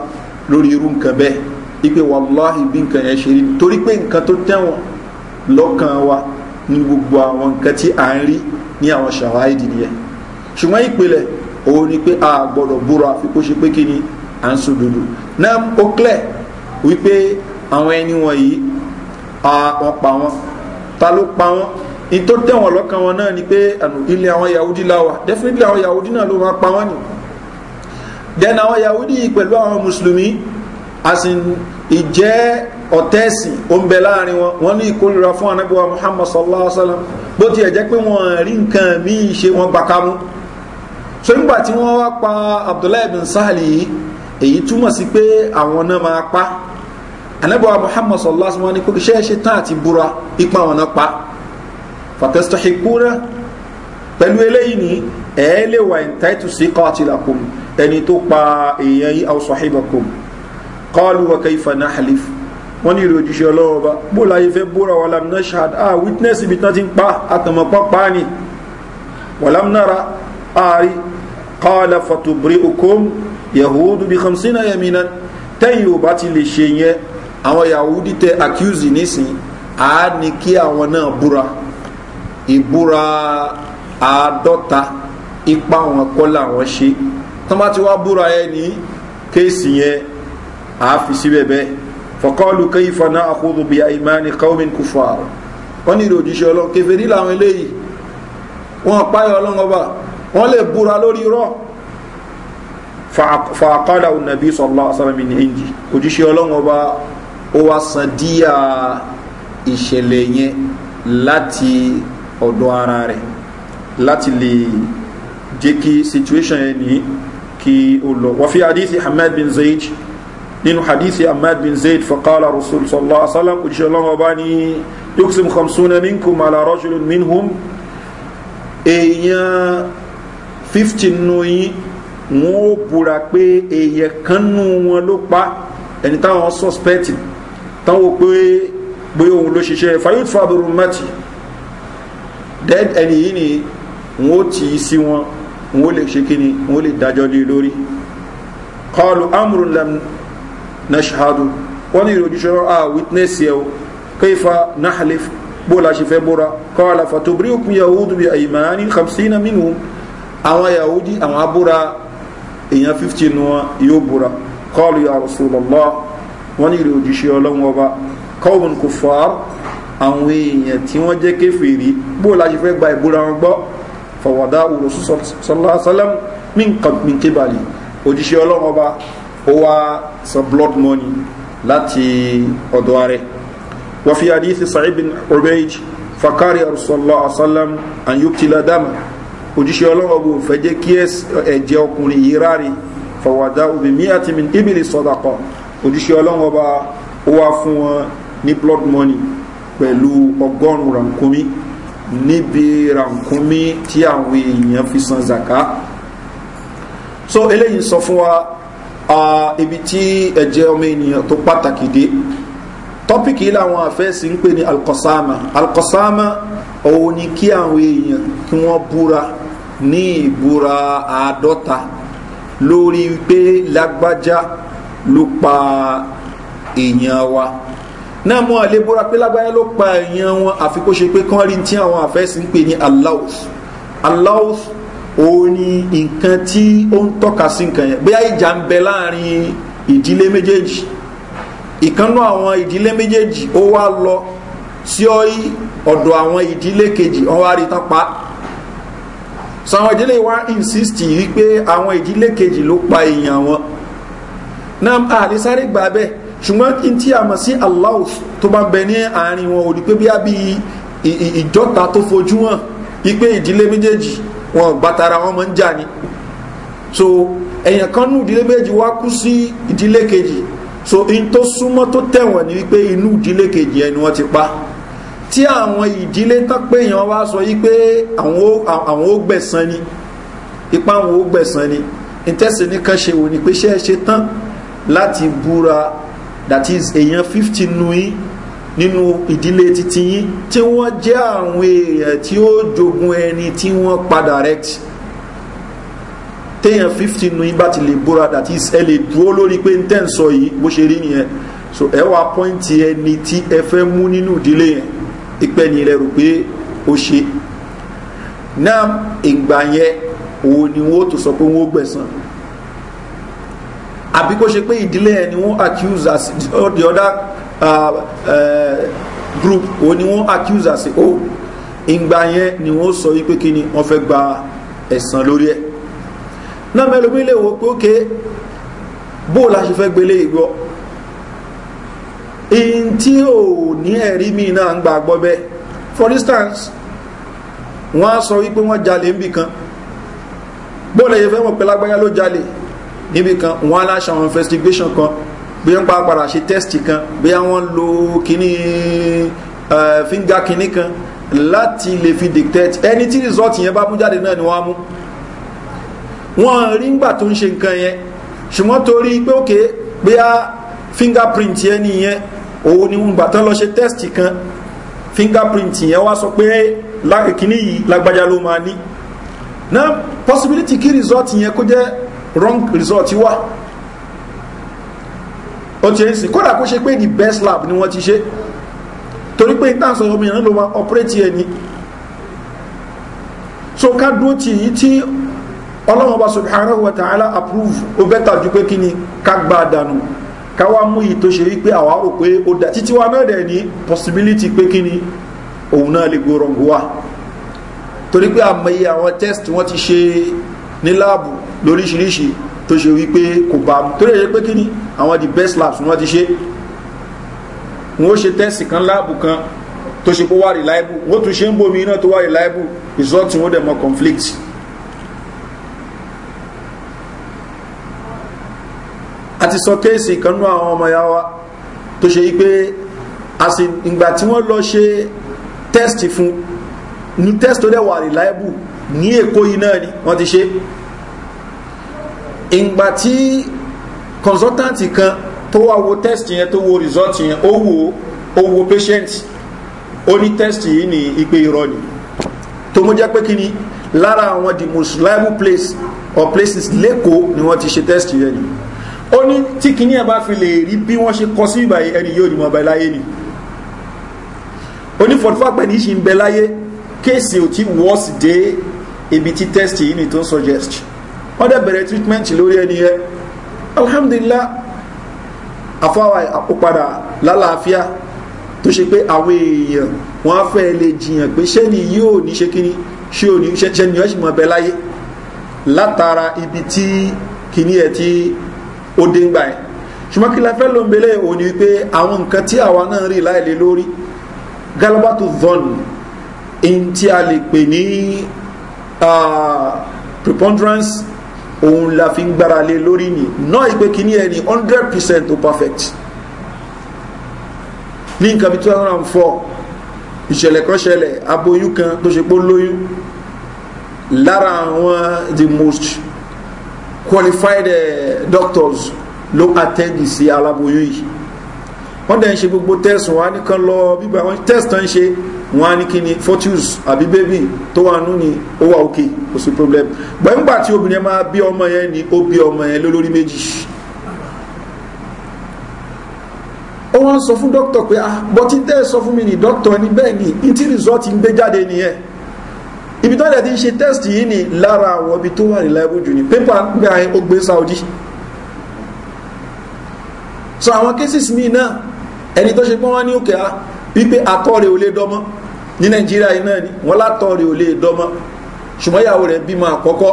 lórí irú nǹkan bẹ́ẹ̀ ipe wàláhì bí nǹkan yẹn ṣe rí torí pé nǹkan tó tẹ̀wọ̀n lọ́kàn wa ní gbogbo àwọn nǹkan tí à ń rí ní àwọn ṣàwáìdì nìyẹn ṣùgbọ́n ìpìlẹ̀ òun ni pé a gbọ́dọ̀ búra àfi kó ṣe pé kí ni à ń sọ dodo náà ó clear wípé àwọn ẹni wọ̀nyí wọ́n pa wọ́n ta ló pa wọ́n ní tó tẹ̀wọ̀n lọ́kàn wọn náà ni pé ilé àwọn yahudi láwà definitely àwọn yahudi náà ló máa pa wọ́n ni then àwọn yahudi pẹ̀lú àwọn mùsùlùmí as in ìjẹ́ ọ̀tẹ́sìn ó ń bẹ láàrin wọn wọn ní ìkórira fún anábíwá muhammad sallallahu alaihi wa sallam bó tiẹ̀ jẹ́ pé wọ́n rí nǹkan míì ṣe wọ́n gbàkámú so nígbà tí wọ́n wá pa abdullahi bin sahali yìí èyí túmọ̀ sí pé àwọn náà máa pa anábíwá muhammad sallallahu alaihi wa sallam ní kó kí ṣẹ́ẹ́ṣe tán àti búra ipa àwọn náà pa fatastahikuna pẹ̀lú eléyìí ni ẹ̀ẹ́ lè wà entitled sí kọ́ọ̀tìlàkùn ẹni tó pa èèyàn yìí àwọn qalu wa kayfa nahlif wọ́n ní ìròjìṣẹ́ ọlọ́wọ́ bá bó láyé fẹ́ bóra wà lámì náà ṣáàdì ah witness ibi tán ti ń pa àtàmọ̀pọ̀ pa ni wà lámì náà ra ààrí qala fatubri'ukum yahudu bi khamsina yaminan tẹ́yìn ò bá ti lè ṣe yẹn àwọn yahudi tẹ accuse nísìn á ní kí àwọn náà búra ìbúra àádọ́ta ipa wọn kọ́ làwọn ṣe tọ́mátì búra yẹn ní kéèsì yẹn àáfi síbẹ̀ bẹ́ẹ̀ fọkọ́lù kẹ́yì fọnà àkóso bíi àìmáni kọ́wìn kò fà á wọ́n ní ìròjíṣẹ́ ọlọ́run kẹfẹ́rí làwọn eléyìí wọ́n páyọ̀ ọlọ́run ọba wọ́n lè búra lórí irọ́ fàákọ́lá ònàbí sọ̀lá ọ̀sánàmì ní ẹ̀ǹjì òjíṣẹ́ ọlọ́run ó wá san díà ìṣẹ̀lẹ̀ yẹn láti ọ̀dọ̀ ara rẹ̀ láti lè jẹ́ kí situation yẹn ní kí ó lọ wọ́n fi àdísì ahmed bin zayd nínú hadithi ahmad bin zayd faqala rasul sallallahu alaihi wasallam òjíṣẹ́ ọlọ́run ọba ní yuksim khamsuna minkum ala rajulun minhum èèyàn fifteen nù yín wọn ó búra pé èèyàn kan nù wọn ló pa ẹni táwọn suspect táwọn pé pé òun ló ṣiṣẹ́ fayot fabiru mati dead ẹni yìí ni wọn ó tì í sí wọn wọn ó lè ṣe kíni wọn qalu amrun lam nashahadu wọ́n ní ìròjú ṣọ́rọ̀ a witness yẹ o kéfà nahalif bó la ṣe fẹ́ bóra kọ́wàlá fàtòbírí òkun yahudu bí àìmáni hamsina minu àwọn yahudi àwọn abúra èèyàn 15 nu wọn yóò bóra kọ́ọ̀lù ya rasulallah wọ́n ní ìròjú ṣe ọlọ́run ọba kọ́wùn kò fàár àwọn èèyàn tí wọ́n jẹ́ kéfèrí bó la ṣe fẹ́ gba ìbúra wọn gbọ́ fọwọ́dá òrùsù sọlá sálám mí nǹkan mi kébàlì òjíṣẹ́ ọlọ́run ọba ó wá san blood money lati ọ̀dọ̀ rẹ̀ wọ́n fi àdíyí sa'id bin ubayd fakari arusọ́lọ́ asálàm an dama dam. ọlọ́wọ́ bó fẹ́ jẹ́ kí ẹ̀jẹ̀ ọkùnrin yìí ráre fọwọ́dá obì mí àti mi ibìlì sọ́dàkọ́ ojúṣe ọlọ́wọ́ bá ó wá fún wọn ní blood money pẹ̀lú ọgọ́rùn-ún rankumi níbi rankumi tí àwọn èèyàn fi san zaka so eléyìí sọ fún wa ibi tí ẹ̀jẹ̀ ọmọ ènìyàn tó pàtàkì dé tọ́pìkì yìí làwọn àfẹ́sì ń pè ní alkọsáàmà alkọsáàmà òun ni kí àwọn èèyàn kí wọ́n búra ní ìbúra àádọ́ta lórí pé lágbájá ló pa èèyàn wa náà mú àlè búra pé lágbájá ló pa èèyàn wọn àfi ṣe pé kán rí tí àwọn àfẹ́sì ń pè ní aláwùs aláwùs òun ni nǹkan tí ó ń tọ́ka sí nǹkan yẹn bóyá ìjà ń bẹ láàrin ìdílé méjèèjì ìkànnú àwọn ìdílé méjèèjì ó wá lọ sí ọ̀dọ̀ àwọn ìdílé kejì wọn wá rí tán pa so àwọn ìdílé wa insist wípé àwọn ìdílé kejì ló pa èèyàn wọn náà àlè sáré gbà bẹ́ẹ̀ ṣùgbọ́n kí n tí a mọ̀ sí allah tó bá bẹ ní àárín wọn ò ní pé bí a bí ìjọta tó fojú hàn wípé ìdílé méjèèjì wọn gbàtara wọn mọ ń jà ni so èèyàn kan nù ìdílé méjì wá kú sí ìdílé kejì so in tó súnmọ́ tó tẹ̀wọ̀n ni wípé inú ìdílé kejì yẹn ni wọ́n ti pa tí àwọn ìdílé tán pé èèyàn wá sọ yí pé àwọn ó gbẹ̀sán ni ipa àwọn ó gbẹ̀sán ni ìtẹ́sí nìkan ṣe wò ni pé ṣe é ṣe tán láti búra that is èèyàn fifty nù yín nínú ìdílé titi yín tí wọ́n jẹ́ àwọn èèyàn tí ó jogun ẹni tí wọ́n padà rect téèyàn fifty nu yín bá ti lè bóra that is ẹ lè dúró lórí pé n tẹ́ sọ yìí bó ṣe rí nìyẹn so ẹ wá pọ́ǹtì ẹni tí ẹ fẹ́ mú nínú ìdílé yẹn ìpẹ́ni rẹ̀ rò pé ó ṣe náà ìgbà yẹn òun ni wọ́n tó sọ pé wọ́n gbẹ̀sán àbí kó ṣe pé ìdílé ẹni wọ́n accuse as the other Uh, uh, group òun ni wọ́n accuse as a whole ìgbà yẹn ni wọ́n sọ wípé kí ni wọ́n fẹ́ gba ẹ̀sán lórí ẹ̀ náà mẹ́lòmí lè wò pé ókè bó la ṣe fẹ́ gbélé ìgbọ́ in tí ò ní ẹ̀rí mi náà ń gbà gbọ́ bẹ́ẹ̀ for instance wọ́n á sọ wípé wọ́n jalè níbì kan bó lè yẹ fẹ́ mọ̀ pé lágbáyá ló jalè níbì kan wọ́n á láṣà investigation kan bí wọ́n pa padà ṣe test kan bí wọ́n lo kíní fíńgà kíní kan láti lè fi dictate ẹni tí result yẹn bá mú jáde náà ni wọ́n á mú wọ́n rí ngbà tó ń ṣe nǹkan yẹn ṣùgbọ́n torí pé òkè bí a fingerprint yẹn nìyẹn òun ni ngbà tán lọ ṣe test kan fingerprint yẹn wá sọ pé kíní yìí lágbájá ló máa ní náà possibility kí result yẹn kó jẹ́ wrong result wà ó ti ń sìn kódà kó ṣe pé the best lab ni wọ́n ti ṣe torí pé ìtàn sọ ọmọ ìyàn ló máa operate ẹni so ká dúró tì í tí ọlọ́run ọba subhanahu wa ta'ala approve ó bẹ́tà ju pé kí ni ká gba àdànù ká wá mú yìí tó ṣe wípé àwa rò pé ó dá títí wa náà dẹ̀ ní possibility pé kí ni òun náà lè gbòòrò wá torí pé àmọye àwọn test wọ́n ti ṣe ní láàbù lóríṣiríṣi tó ṣe wípé kò bá mu torí ẹ̀yẹ pé kí ni àwọn the best labs wọ́n ti ṣe wọ́n ṣe tẹ́sì kan láàbù kan tó ṣe kó wà reliable wọ́n tún ṣe ń bomi iná tó wà reliable result wọ́n dẹ̀ mọ conflict. a ti sọ kéèsì kan nú àwọn ọmọ ya wa tó ṣe yí pé ìgbà tí wọ́n lọ ṣe test fún ní test tó dẹ̀ wà reliable ní èkó yìí náà ni wọ́n ti ṣe é ìgbà tí consultant kan tó wá wo test yẹn tó wo result yẹn ó wo ó wo patient ó ní test yìí ní ipe irọ́ ni tó mú jẹ́ pé kí ni lára àwọn the most reliable place or places lẹ́kọ̀ọ́ ni wọ́n ti ṣe test yẹn ni ó ní tí kìíní ẹ̀ bá fi lè rí bí wọ́n ṣe kọ sí ìbàyí ẹni yóò ní mọ̀ ọba láyé ni ó ní fọ̀tífà pẹ̀ ní ṣì ń láyé kéèsì ò tí wọ́ọ̀sì dé ibi tí test yìí ni tó ń suggest wọ́n dẹ̀ bẹ̀rẹ̀ treatment lórí ẹni yẹ alhamdulillah afáwa àpòpadà lálàáfíà tó ṣe pé àwọn èèyàn wọ́n á fẹ́ lè jiyàn pé ṣé ni yóò ní ṣe kíní ṣé ò ní ṣe ni yóò ṣì mọ̀ bẹ́ láyé látara ibi tí kíní ẹ̀ tí ó dé ń gbà yẹn ṣùgbọ́n kí la fẹ́ ló ń belẹ̀ òun ni wípé àwọn nǹkan tí àwa náà rí láìlé lórí galabatu von in tí a lè pè ní ah, preponderance òun la fi ń gbára lé lórí ni náà ìpè kíní ẹni hundred percent to perfect ní nǹkan bí two thousand and four ìṣẹ̀lẹ̀ kan ṣẹlẹ̀ aboyún kan tó ṣe pé ó lóyún lára àwọn the most qualified uh, doctors ló attend sí aláboyún yìí wọ́n dẹ̀ ń ṣe gbogbo test wọn á ní kan lọ bíbá wọn test tán ṣe wọn á ní kí ni fortunes àbí baby tó wà nú ni ó wà òkè kò sí problem gbẹ̀ngbà tí obìnrin yẹn máa bí ọmọ yẹn ni ó bí ọmọ yẹn lólórí méjì ó wọ́n sọ fún dókítà pé ah bọ́tí tẹ́ sọ fún mi ní dókítà ní bẹ́ẹ̀ ni ìtí result ń gbé jáde nìyẹn ibi tó dẹ̀ ti ń ṣe test yìí ni lára àwọn ibi tó wà ní láìbójú ni pépà gbé àyẹn ó gbé saudi so àwọn cases míì náà ẹni tó ṣe pọ́n wá ní òkè á ah, wípé atọ́ ò lè dọ́mọ́ ní nàìjíríà yìí náà ni wọ́n látọ̀ rẹ̀ ò lè dọ́mọ́ ṣùgbọ́n ìyàwó rẹ̀ bímọ àkọ́kọ́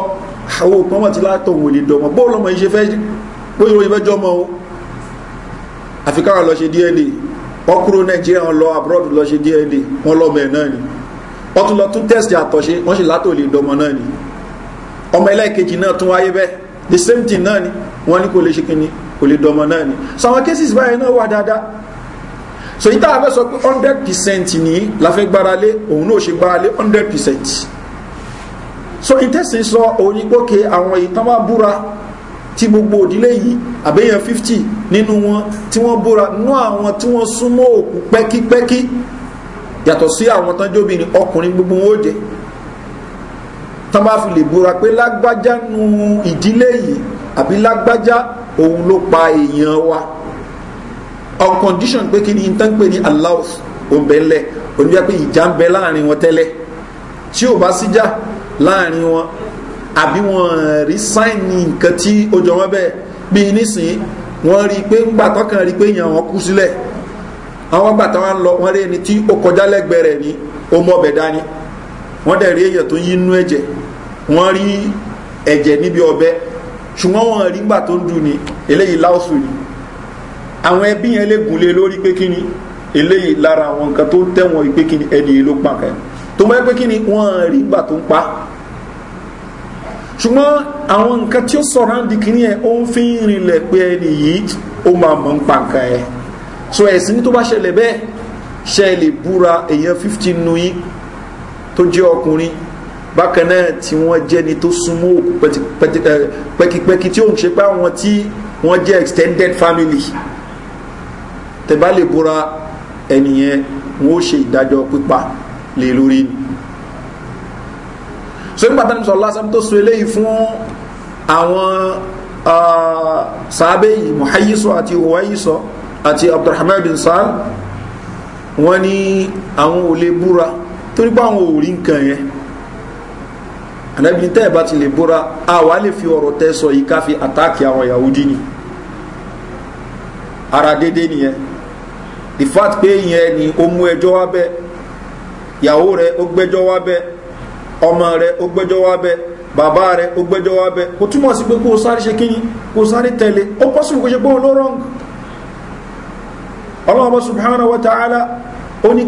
àwọn òpin wọn ti látọ̀ òun ò lè dọ́mọ́ bó lọmọ yìí ṣe fẹ́ bóyá òun ìfẹ́ jọmọ o àfi káwọn lọ ṣe dna wọn kúrò nàìjíríà wọn lọ abroad lọ ṣe dna wọn lọmọ ẹ náà ni wọn tún lọ tún test àtọ̀ṣe wọn sì látọ̀ lè dọ́mọ náà ni ọmọ ẹlẹ́ẹ̀kejì náà tún wáyé bẹ́ẹ̀ the same thing náà ni wọn ní kò lè ṣe kínní kò lè dọ́mọ náà ni so àwọn cases báyìí náà wà dáadáa so yìí tá a fẹ́ sọ pé hundred percent ní la fẹ́ gbára lé òun náà ṣe gbára lé hundred percent so intestine sọ onígbókè àwọn èyí tán bá búra tí gbogbo òdílé yìí àbẹ́yàn fifty nínú wọn tí wọ́n búra nú àwọn tí wọ́n súnmọ́ òkú pẹ́kípẹ́kí yàtọ̀ sí àwọn tán jóbìnrin ọkùnrin gbogbo wọn ó jẹ tán bá fi lè búra pé lágbájá nu ìdílé yìí àbí lágbájá òun ló pa èèyàn wa on condition pé kí ni n tán pé ní allowance òǹbẹ̀ńlẹ̀ oníbíyà pé ìjà ń bẹ láàrin wọn tẹ́lẹ̀ tí ò bá síjà láàrin wọn àbí wọn rí sáìnì nǹkan tí ó jọ wọn bẹ́ẹ̀ bíi nísìnyí wọ́n rí i pé ńgbà tọ́kàn rí i pé èèyàn wọn kú sílẹ̀ àwọn gbà táwọn lọ wọ́n rí ẹni tí ó kọjá lẹ́gbẹ̀ẹ́ rẹ̀ ni ó mọ ọbẹ̀ dání wọ́n dẹ̀ rí èèyàn tó yí inú ẹ̀jẹ̀ wọ́n rí ẹ̀jẹ̀ níbi ọbẹ̀ ṣùgbọ́n wọn rí gbà tó ń dùn ní eléyìí láòsù ni àwọn ẹbí yẹn lè gùnlé lórí pé kíni eléyìí lára àwọn nǹkan tó tẹ̀wọ̀n yìí pé kíni ẹni yìí ló pa kẹ́ tó mọ́ pé kíni wọ́n rí ìgbà tó ń pa ṣùgbọ́n àwọn nǹkan tí ó sọ̀rọ̀ àǹdí kíní ẹ̀ ó ń fi rinlẹ̀ pé ẹni yìí ó máa mọ̀ ń pa nǹkan ẹ̀ so ẹ̀sìn tó bá ṣẹlẹ̀ bẹ́ẹ̀ ṣe lè búra èèyàn fifteen nu yín tó jẹ́ ọkùnrin bákan náà tí wọ́n jẹ́ ni tó súnmọ́ òkú pẹ́kipẹ́ki tí ó ń ṣe pé àwọn tí wọ́n jẹ́ extended family tẹ́bá lè búra ẹnìyẹn wọ́n ó ṣe ìdájọ́ pípa lè lórí ni so nígbà tánimù sọ̀rọ̀ lásán tó so eléyìí fún àwọn sàábé yìí muhayiso àti uwayiso àti abdulrahman bin sa'ad wọ́n ní àwọn ò lè búra torí pé àwọn ò rí nǹkan yẹn ànábìrin tẹ́ ẹ̀ ti lè búra a wà lè fi ọ̀rọ̀ tẹ́ sọ yìí ká fi àwọn yahudi ara déédéé nìyẹn the fact pé ìyẹn ni ó mú ẹjọ́ wá bẹ́ẹ̀ ìyàwó rẹ̀ ó gbẹ́jọ́ wá bẹ́ẹ̀ ọmọ rẹ ó gbẹ́jọ́ wá bẹ́ẹ̀ bàbá rẹ̀ ó gbẹ́jọ́ wá bẹ́ẹ̀ kò túmọ̀ sí pé kó o sáré ṣe o sáré tẹ̀lé ó pọ́sùn kó ṣe pé wa ta'ala ó ní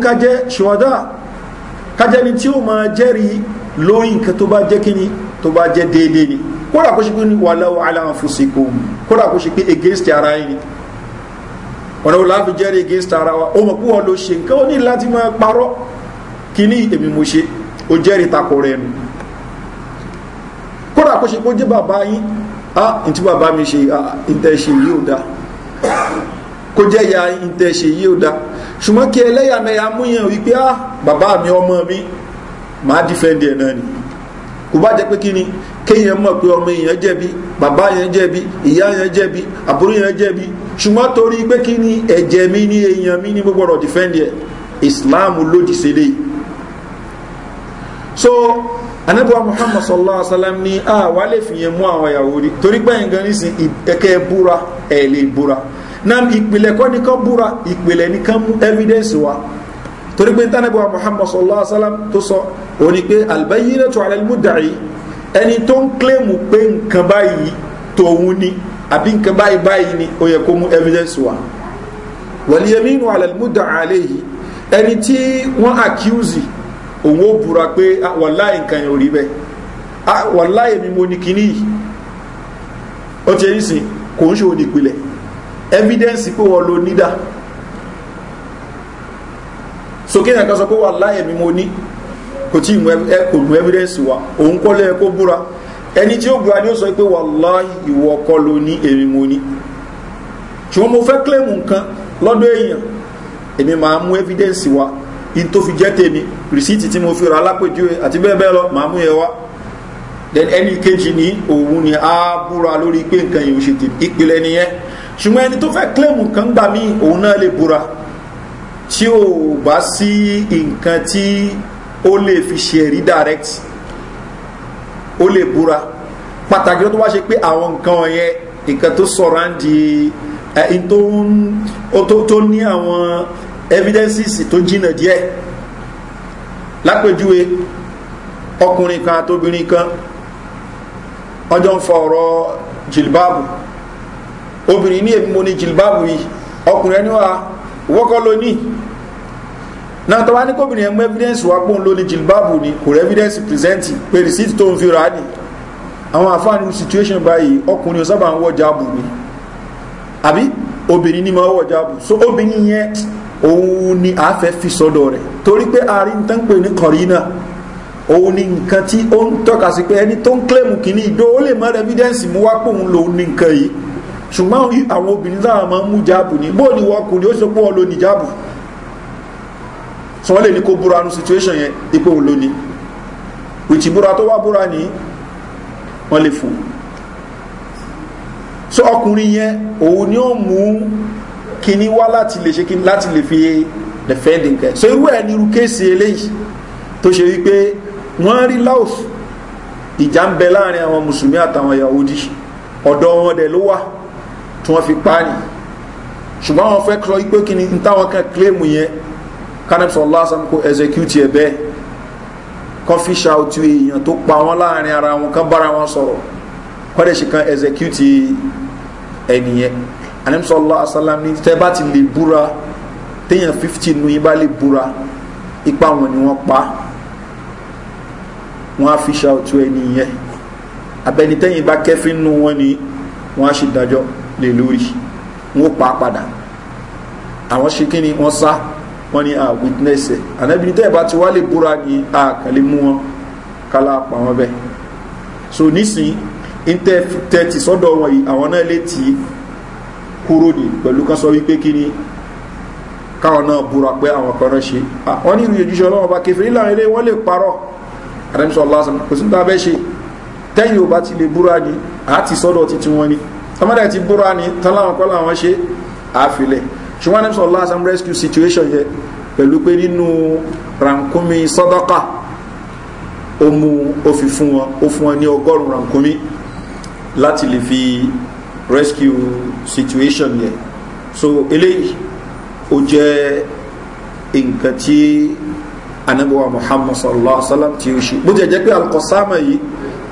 ni tí ó máa ni kódà kó ṣe pé wàhálà wàhálà kódà kó ṣe pé against ara yìí ọ̀nà wo láàfin jẹ́rìí against ara wa ó mọ̀ pé wọ́n lo ṣe nǹkan ó ní láti máa parọ́ kí ní èmi mo ṣe ó jẹ́rìí takò rẹ̀ nù kódà kó ṣe pé ó jẹ́ bàbá yín á ntí bàbá mi ṣe ìtẹ̀ ṣe yìí ò dáa kó jẹ́ ya ìtẹ̀ ṣe yìí ò dáa ṣùgbọ́n kí ẹlẹ́yàmẹ̀yà múyàn wípé á ah, bàbá mi ọmọ mi màá dìfẹ́ndì ẹ̀ náà ni kò bá jẹ́ pé kí kéèyàn mọ̀ pé ọmọ èèyàn jẹ̀bi bàbá yẹn jẹ̀bi ìyá yẹn jẹ̀bi àbúrò yẹn jẹ̀bi ṣùgbọ́n torí pé kí ni ẹ̀jẹ̀ mi ní èèyàn mi ní gbogbo ọ̀rọ̀ dìfẹ́ndì ẹ̀ islam lòdì sí lè so anabiwa muhammad sallallahu alaihi wa sallam ni a ah, wà lè fi yẹn mú àwọn ìyàwó rí torí pé nǹkan nísìn ẹ̀kẹ́ búra ẹ̀ lè búra náà ìpìlẹ̀ kọ́ nìkan búra ìpìlẹ̀ nìkan mú evidence wa torí pé ntànàbíwa muhammad sallallahu alaihi wa sallam tó sọ òní pé albayyinatu ala al-mudda'i ẹni tó ń kílèmù pé nǹkan báyìí tòun ni àbí nǹkan báyìí báyìí ni ó yẹ kó mú evidence wá wàlíyẹmínú alẹ́lmúdà àléyìí ẹni tí wọ́n accuse òun ó búra pé ah, wàláì nǹkan yẹn ò rí bẹ́ẹ̀ ah, wàláì mi mo ní kíní yìí ó ti ń sìn kò ń ṣe onípìlẹ̀ evidence pé wọ́n lo nídà sókè yẹn kan sọ pé wàláì mi mo ní kò tí kò mú evidence wa òun kọ́ lẹ́yẹ kó búra ẹni tí ó búra ni ó sọ pé wàláhì ìwọ kọ́ ló ní èmi mo ní ṣùgbọ́n mo fẹ́ kílẹ̀mù nǹkan lọ́dọ̀ èèyàn èmi máa mú evidence wa in tó fi jẹ́ tèmi rìsíìtì tí mo fi ra alápèjúwe àti bẹ́ẹ̀ bẹ́ẹ̀ lọ màá mú yẹn wá then ẹni kejì ní òun ni a búra lórí pé nǹkan yìí ò ṣe tèmi ìpìlẹ̀ nìyẹn ṣùgbọ́n ẹni tó fẹ́ kílẹ̀mù nǹkan gbà mí òun náà lè búra tí ò bá sí nǹkan tí ó lè fi ṣe ẹ̀rí direct ó lè búra pàtàkì tó wá ṣe pé àwọn nǹkan ọ̀yẹn nǹkan tó sọ̀rọ̀ eh, ń di ẹ̀yìn tó ní àwọn evidences tó jìnnà díẹ̀ lápèjúwe ọkùnrin kan àtobìnrin kan ọjọ́ ń fọ ọ̀rọ̀ jìlbáàbù obìnrin ní èmi mo ní jìlbáàbù yìí ọkùnrin ẹni wa wọ́kọ́ lónìí náà tọ́wá ní kóbìnrin ẹ̀mú evidence wá pọ́n lóní jìlbáàbù ni kò rẹ̀ evidence present pé receipt tó ń fi rà á àwọn àfáàní situation báyìí ọkùnrin sábà ń wọ́ jáàbù ni àbí obìnrin ni máa wọ́ jáàbù so obìnrin yẹn òun ni àáfẹ́ fi sọ́dọ̀ rẹ̀ torí pé àárín tán pè ní kọ̀rínà òun ni nǹkan tí ó ń tọ́ka sí pé ẹni tó ń claim kìíní ìdó ó lè mọ́ evidence mú wá pòun lòun ní nǹkan yìí ṣùgbọ́n àwọn obìnrin táwọn máa ń mú jáàbù ni bóò ni wọ́n ó ṣe pé wọ́n lo ní so wọ́n lè ní kó búra nu situation yẹn ipò òun ló ní wìtì búra tó wá búra ní wọ́n lè fún so ọkùnrin yẹn òun ni ó mú kíní wá láti lè ṣe kíní láti lè fi defend nǹkan so irú ẹ̀ ní irú kéèsì eléyìí tó ṣe wípé wọ́n rí laos ìjà ń bẹ láàrin àwọn mùsùlùmí àtàwọn yahudi ọ̀dọ̀ wọn dẹ̀ ló wà tí wọ́n fi pa á ṣùgbọ́n àwọn fẹ́ kọ́ wípé kíní ní táwọn kan claim yẹn kánẹ́bí sọ lásán kó execute ẹ̀ bẹ́ẹ̀ kọfí ṣàwùtú èèyàn tó pa wọn láàrin ara wọn kán bára wọn sọ̀rọ̀ kọ́dẹ̀ ṣe kan execute ẹnìyẹn anẹ́bí sọ lásán ní tẹ́ bá ti lè búra téèyàn fifty nu yín bá lè búra ipa wọn ni wọ́n pa wọ́n á fi ṣàwùtú ẹnìyẹn abẹnitẹ́yìn bá kẹ́fín nu wọn ni wọ́n á ṣe dájọ́ lè lórí wọ́n pa padà àwọn ṣe kí ni wọ́n sá wọ́n ní a ah, witness ẹ̀ ànábi tẹ́ ẹ̀ bá ti wá lè búra ní àkàlẹ́ mú wọn kálá pa wọn bẹ́ẹ̀ so nísìnyí ntẹ tẹ ti sọdọ wọn yìí àwọn náà lè ti kúrò ní pẹlú kan sọ wípé kí ni káwọn náà búra pé àwọn kan náà ṣe àwọn ah, ní ìròyìn ojúṣe ọlọ́wọ́ bá kẹfẹ́ nílànà ilé wọn lè parọ́ àdẹ́mísọ lásán kò sí níta bẹ́ẹ̀ ṣe tẹ́yìn ò bá ti lè búra ni àá sọ́dọ̀ titi wọn ni tọ́mọdé ti búra ni tán láwọn kọ́ làwọn ṣe àáfilẹ̀ ṣùgbọ́n ní sọ̀rọ̀ last time rescue situation yẹ pẹ̀lú pé nínú rankumi sọ́dọ́kà ó mú o fi fún wọn ó fún wọn ní ọgọ́rùn rankumi láti lè fi rescue situation yẹ so eléyìí ó jẹ́ nǹkan tí anabiwa muhammad sallallahu alaihi wa sallam ti ṣe bó ti jẹ́ pé alkọsáàmà yìí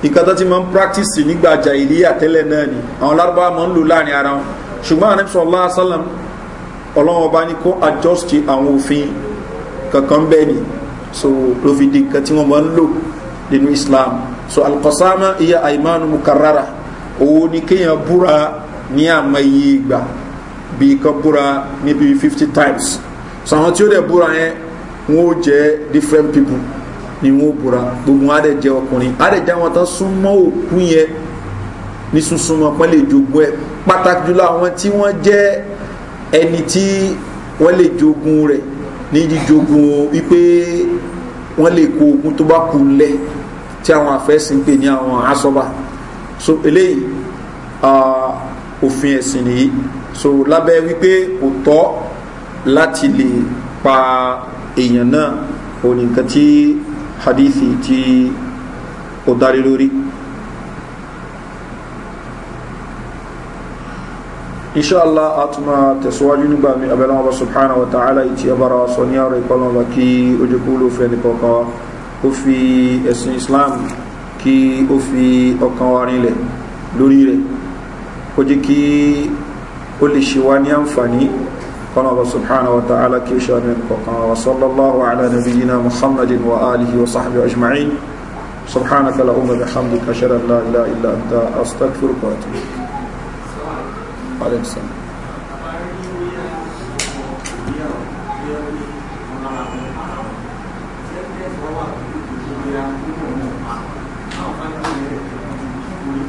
nǹkan tó ti máa ń practice nígbà jàìlíyà tẹ́lẹ̀ náà ni àwọn lárúbáwá máa ń lò láàrin ara wọn ṣùgbọ́n anabi sallallahu alaihi wa sallam ọlọ́wọ́n bá ní kó adjust àwọn òfin kankan bẹ́ẹ̀ ni so ló fi di nǹkan tí wọ́n máa ń lò nínú islam so alkọsáàmà iye àìmánu mukarrara òun ni kéèyàn búra ní àmọ́ iye ìgbà bí kan búra níbi fifty times so àwọn tí ó dẹ̀ búra yẹn wọn ó jẹ́ different people ni wọn ó búra gbogbo wọn á dẹ̀ jẹ́ ọkùnrin á dẹ̀ jẹ́ àwọn tán súnmọ́ òkú yẹn ní súnsúnmọ́ pọ́n lè jogbo ẹ̀ pàtàkì jùlọ àwọn tí wọ́n jẹ́ ẹni tí wọ́n lè jogun rẹ̀ ní jíjogun wípé wọ́n lè kó ogun tó bá kú lẹ̀ tí àwọn afẹ́sìn pè ní àwọn asọ́ba so eléyìí òfin ẹ̀sìn nìyí so lábẹ́ wípé kò tọ́ láti lè pa èèyàn náà òní nǹkan tí hadithi tí ó darí lórí. inṣàlá àtúmà tẹ̀síwájú nígbà mi abẹ́lẹ́ wọn bá subhanahu wa ta'ala ìtì ẹbára sọ ní ààrẹ ìpọ́lọ́n bá kí ojú kúrò fẹ́ ní kọ̀ọ̀kan wa ó fi ẹ̀sìn islam kí ó fi ọkàn wa rinlẹ̀ lórí rẹ̀ ó jẹ́ kí ó lè ṣe wá ní àǹfààní kọ́nà bá subhanahu wa ta'ala kí ó ṣe àmì kọ̀ọ̀kan wa sallallahu ala nabiyyina muhammadin wa alihi wa sahbihi ajma'in subhanaka la umma bihamdika shara la ilaha illa anta astaghfiruka wa atubu aleykum salaam.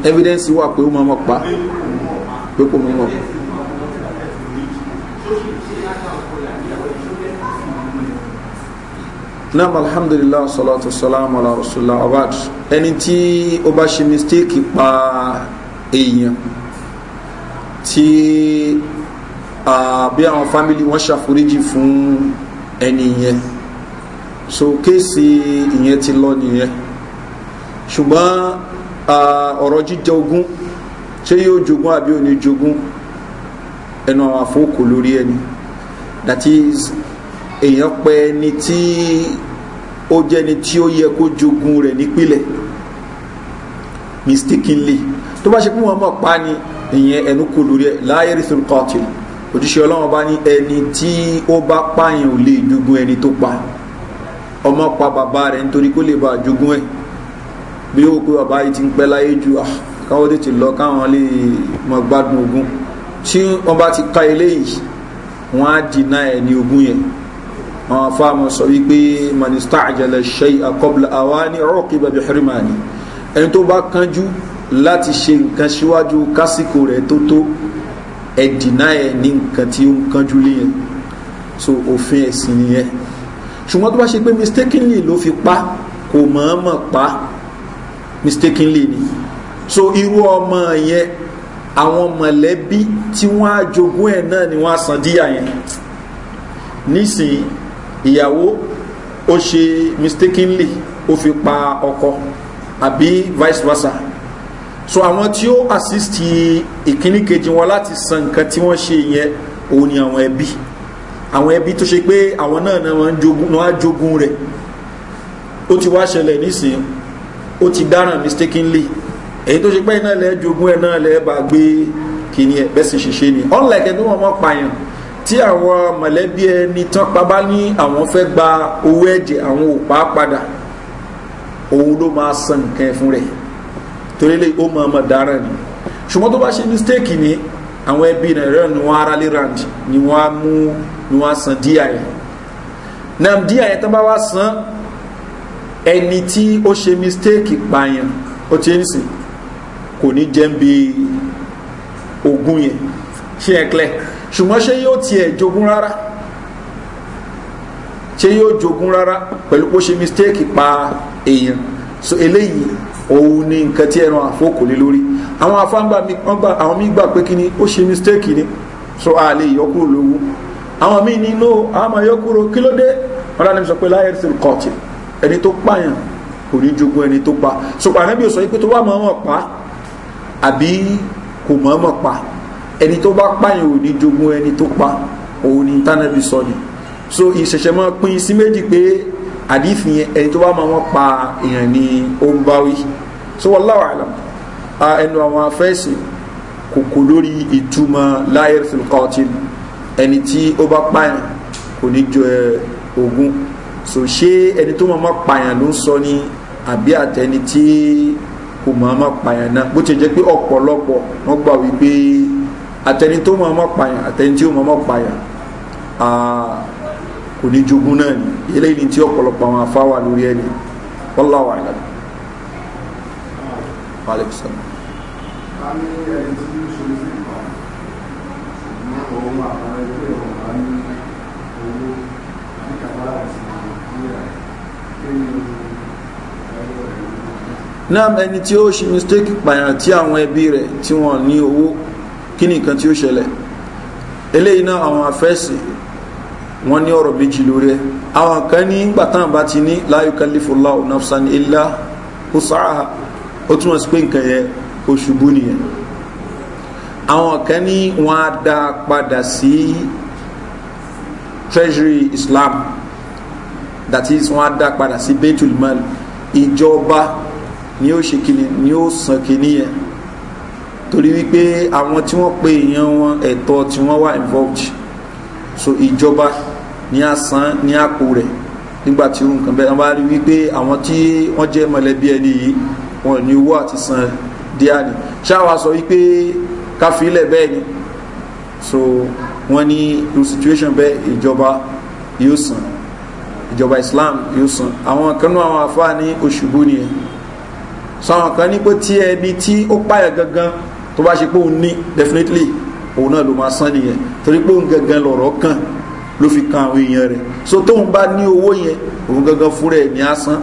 evidence wà pé ó máa mọ̀ pa pé kò mọ̀ mọ̀. naam alhamdulillah, salatu salam ala rasulillah abad ẹni tí ó bá ṣe mistake pa èèyàn tí bí àwọn fámìlì wọn ṣàforíjì fún ẹni yẹn so kéèsì ìyẹn ti lọ nìyẹn ṣùgbọ́n ọ̀rọ̀ jíjẹ ogún ṣé yóò jogún àbí ò ní jogún ẹnu àwọn àfọwọ́kò lórí ẹni that is èèyàn pẹ ẹni tí ó jẹni tí ó yẹ kó jogún rẹ̀ nípìnlẹ̀ mistakenly tó bá ṣe pé wọ́n mọ̀ pa ni ìyẹn ẹnu kò lórí ẹ láyé rí sùn kọ́tì òjíṣẹ́ ọlọ́run bá ní ẹni tí ó bá pààyàn ò lè jogún ẹni tó pa ọmọ pa bàbá rẹ̀ nítorí kó lè bá jogún ẹ bí ó pé bàbá yìí ti ń pẹ́ láyé ju ah, káwọ́ tètè lọ káwọn lè mọ gbádùn ogún tí wọ́n bá ti ka eléyìí wọ́n á dínà ẹ̀ ní ogún yẹn àwọn afáàmọ̀ sọ wípé manista àjẹlẹ̀ ṣe àkọ́bùlà àwa ní ọ̀rọ̀ kí bàbá hẹ́rìmà ni ẹni tó bá kánjú láti ṣe nǹkan síwájú kásìkò rẹ̀ tó tó ẹ dìná ẹ ní nǹkan tí ó ń kánjú léyìn so òfin ẹ̀sìn nìyẹn ṣùgbọ́n tó bá ṣe pé mistakenly ló fi pa kò mọ̀ọ́mọ̀ pa mistakenly ni so irú ọmọ yẹn àwọn mọ̀lẹ́bí tí wọ́n á jogún ẹ̀ náà ni wọ́n á san díyà yẹn nísìnyí ìyàwó ó ṣe mistakenly ó fi pa ọkọ àbí vice versa so àwọn tí ó assist ìkíní kejì wọn láti san nǹkan tí wọ́n ṣe yẹn òun ni àwọn ẹbí àwọn ẹbí tó ṣe pé àwọn náà ni wọ́n á jogun rẹ̀ ó ti wá ṣẹlẹ̀ nísìnyí ó ti dáràn mistakenly èyí tó ṣe pé iná lẹ́ jogun ẹ̀ náà lẹ́ bá gbé kíní ẹ̀ bẹ́ẹ̀ sì ni unlike ẹni wọn mọ̀ pààyàn tí àwọn mọ̀lẹ́bí ẹni tán pa bá ní àwọn fẹ́ gba owó ẹ̀jẹ̀ àwọn ò pa á padà òun ló máa san nǹkan ẹ̀ fún rẹ̀ torí lè ó mọ ọmọ dára ni ṣùgbọ́n tó bá ṣe mistake ni àwọn ẹbí nàìjíríà ni wọ́n ara lè rand ni wọ́n á mú ni wọ́n á san di yẹn náà di yẹn tán bá wá san ẹni tí ó ṣe mistake pààyàn ó ti ń sìn kò ní jẹ́ ń bi yẹn ṣé ẹ clear ṣùgbọ́n ṣé yóò tiẹ̀ jogún rárá ṣé yóò jogún rárá pẹ̀lú pé ó ṣe mistake pa èèyàn so eléyìí òun ni nǹkan tí ẹran àfókò lé lórí àwọn afáǹgbà àwọn míì gbà pé kíni ó ṣe mistake ni so a lè yọkúrò lówó àwọn míì ní no a máa yọkúrò kí ló dé wọn dáná sọ pé láyé ti kọ̀ọ̀tì ẹni tó pààyàn kò ní jogún ẹni tó pa so ànábì sọ pé tó bá mọ̀ọ́mọ̀ pa àbí kò mọ̀ọ́mọ̀ pa ẹni tó bá pààyàn ò ní jogún ẹni tó pa òun ni tánàbì sọ ni so ìṣẹ̀ṣẹ̀ máa pín sí méjì pé àdífin ẹni tó bá máa wọ́n pa èèyàn ní ombawi so wallahu alam ẹnu àwọn afẹ́sì kòkò lórí ìtumọ̀ la yarithul qatil ẹni tí ó bá pààyàn kò ní jọ ogún so ṣé ẹni tó máa pààyàn ló ń sọ ni àbí àtẹni tí kò máa máa pààyàn náà bó ti jẹ́ pé ọ̀pọ̀lọpọ̀ wọ́n gbà wípé àtẹni tó máa máa pààyàn àtẹni tí ó máa máa pààyàn kò ní jogún náà ni eléyìí tí ọ̀pọ̀lọpọ̀ àwọn afá wà lórí ẹni wallahu a'lam. náà ẹni tí ó ṣe mistake pààyàn tí àwọn ẹbí rẹ̀ tí wọ́n ní owó kí ni nǹkan tí ó ṣẹlẹ̀ eléyìí náà àwọn afẹ́sì wọ́n ní ọ̀rọ̀ méjì lórí ẹ̀ àwọn kan ní gbàtàn bá ti ní láyò kálífòlá onafsan ilá ó sáà ó túnmọ̀ sí pé nǹkan yẹn ó nìyẹn àwọn kan ní wọ́n á dá padà sí treasury islam that is wọ́n á dá padà sí betul mal ìjọba ni ó ṣe kìnnì ni ó sàn kìnnì yẹn torí wípé àwọn tí wọ́n pe èèyàn wọn ẹ̀tọ́ tí wọ́n wà involved so ìjọba ní àsán ní àpò rẹ̀ nígbà tí irú nǹkan bẹ́ẹ̀ wọ́n bá rí wípé àwọn tí wọ́n jẹ́ mọ̀lẹ́bí ẹni yìí wọn ní owó àti san díà ni sọ wípé káfílẹ̀ bẹ́ẹ̀ ni so wọ́n ní irú situation bẹ́ẹ̀ ìjọba yóò san ìjọba islam yóò san àwọn kan náà àwọn afáà ní òṣùbù nìyẹn so àwọn kan ní pé tí ẹni tí ó pààyàn gangan tó bá ṣe pé òun ní definitely òun náà ló máa san nìyẹn torí pé òun gangan lọ̀rọ̀ kàn ló fi kan àwọn èèyàn rẹ̀ so tóun bá ní owó yẹn òun gangan fúnra ẹ̀ ní asán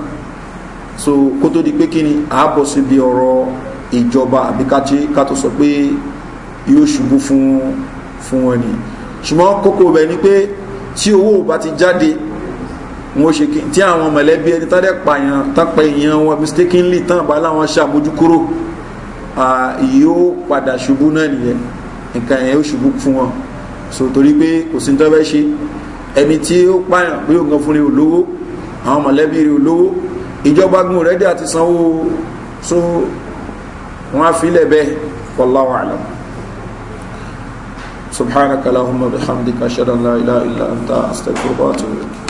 so kó tó di pé kí ni àábọ̀ síbi ọ̀rọ̀ ìjọba àbí ká tó sọ pé yóò ṣubú fún fún wọn ni ṣùgbọ́n kókó bẹ̀ ni pé tí owó bá ti jáde wọn ṣe kí tí àwọn mọ̀lẹ́bí ẹni tá dẹ̀ pààyàn tápa èèyàn wọn mistakenly tán bá láwọn ṣàmójúkúrò yóò padà ṣubú náà nìyẹn nǹkan yẹn ó ṣubú fún wọn so torí pé kò sí tó fẹ́ ṣe ẹni tí ó pààyàn pé òǹkan fún rẹ ò lówó àwọn mọ̀lẹ́bí rẹ ò lówó ìjọba gun rẹ dé àti sanwó so wọn á fi bẹ́ẹ̀ wallahu alam subhanaka allahumma bihamdika ilaha illa anta astaghfiruka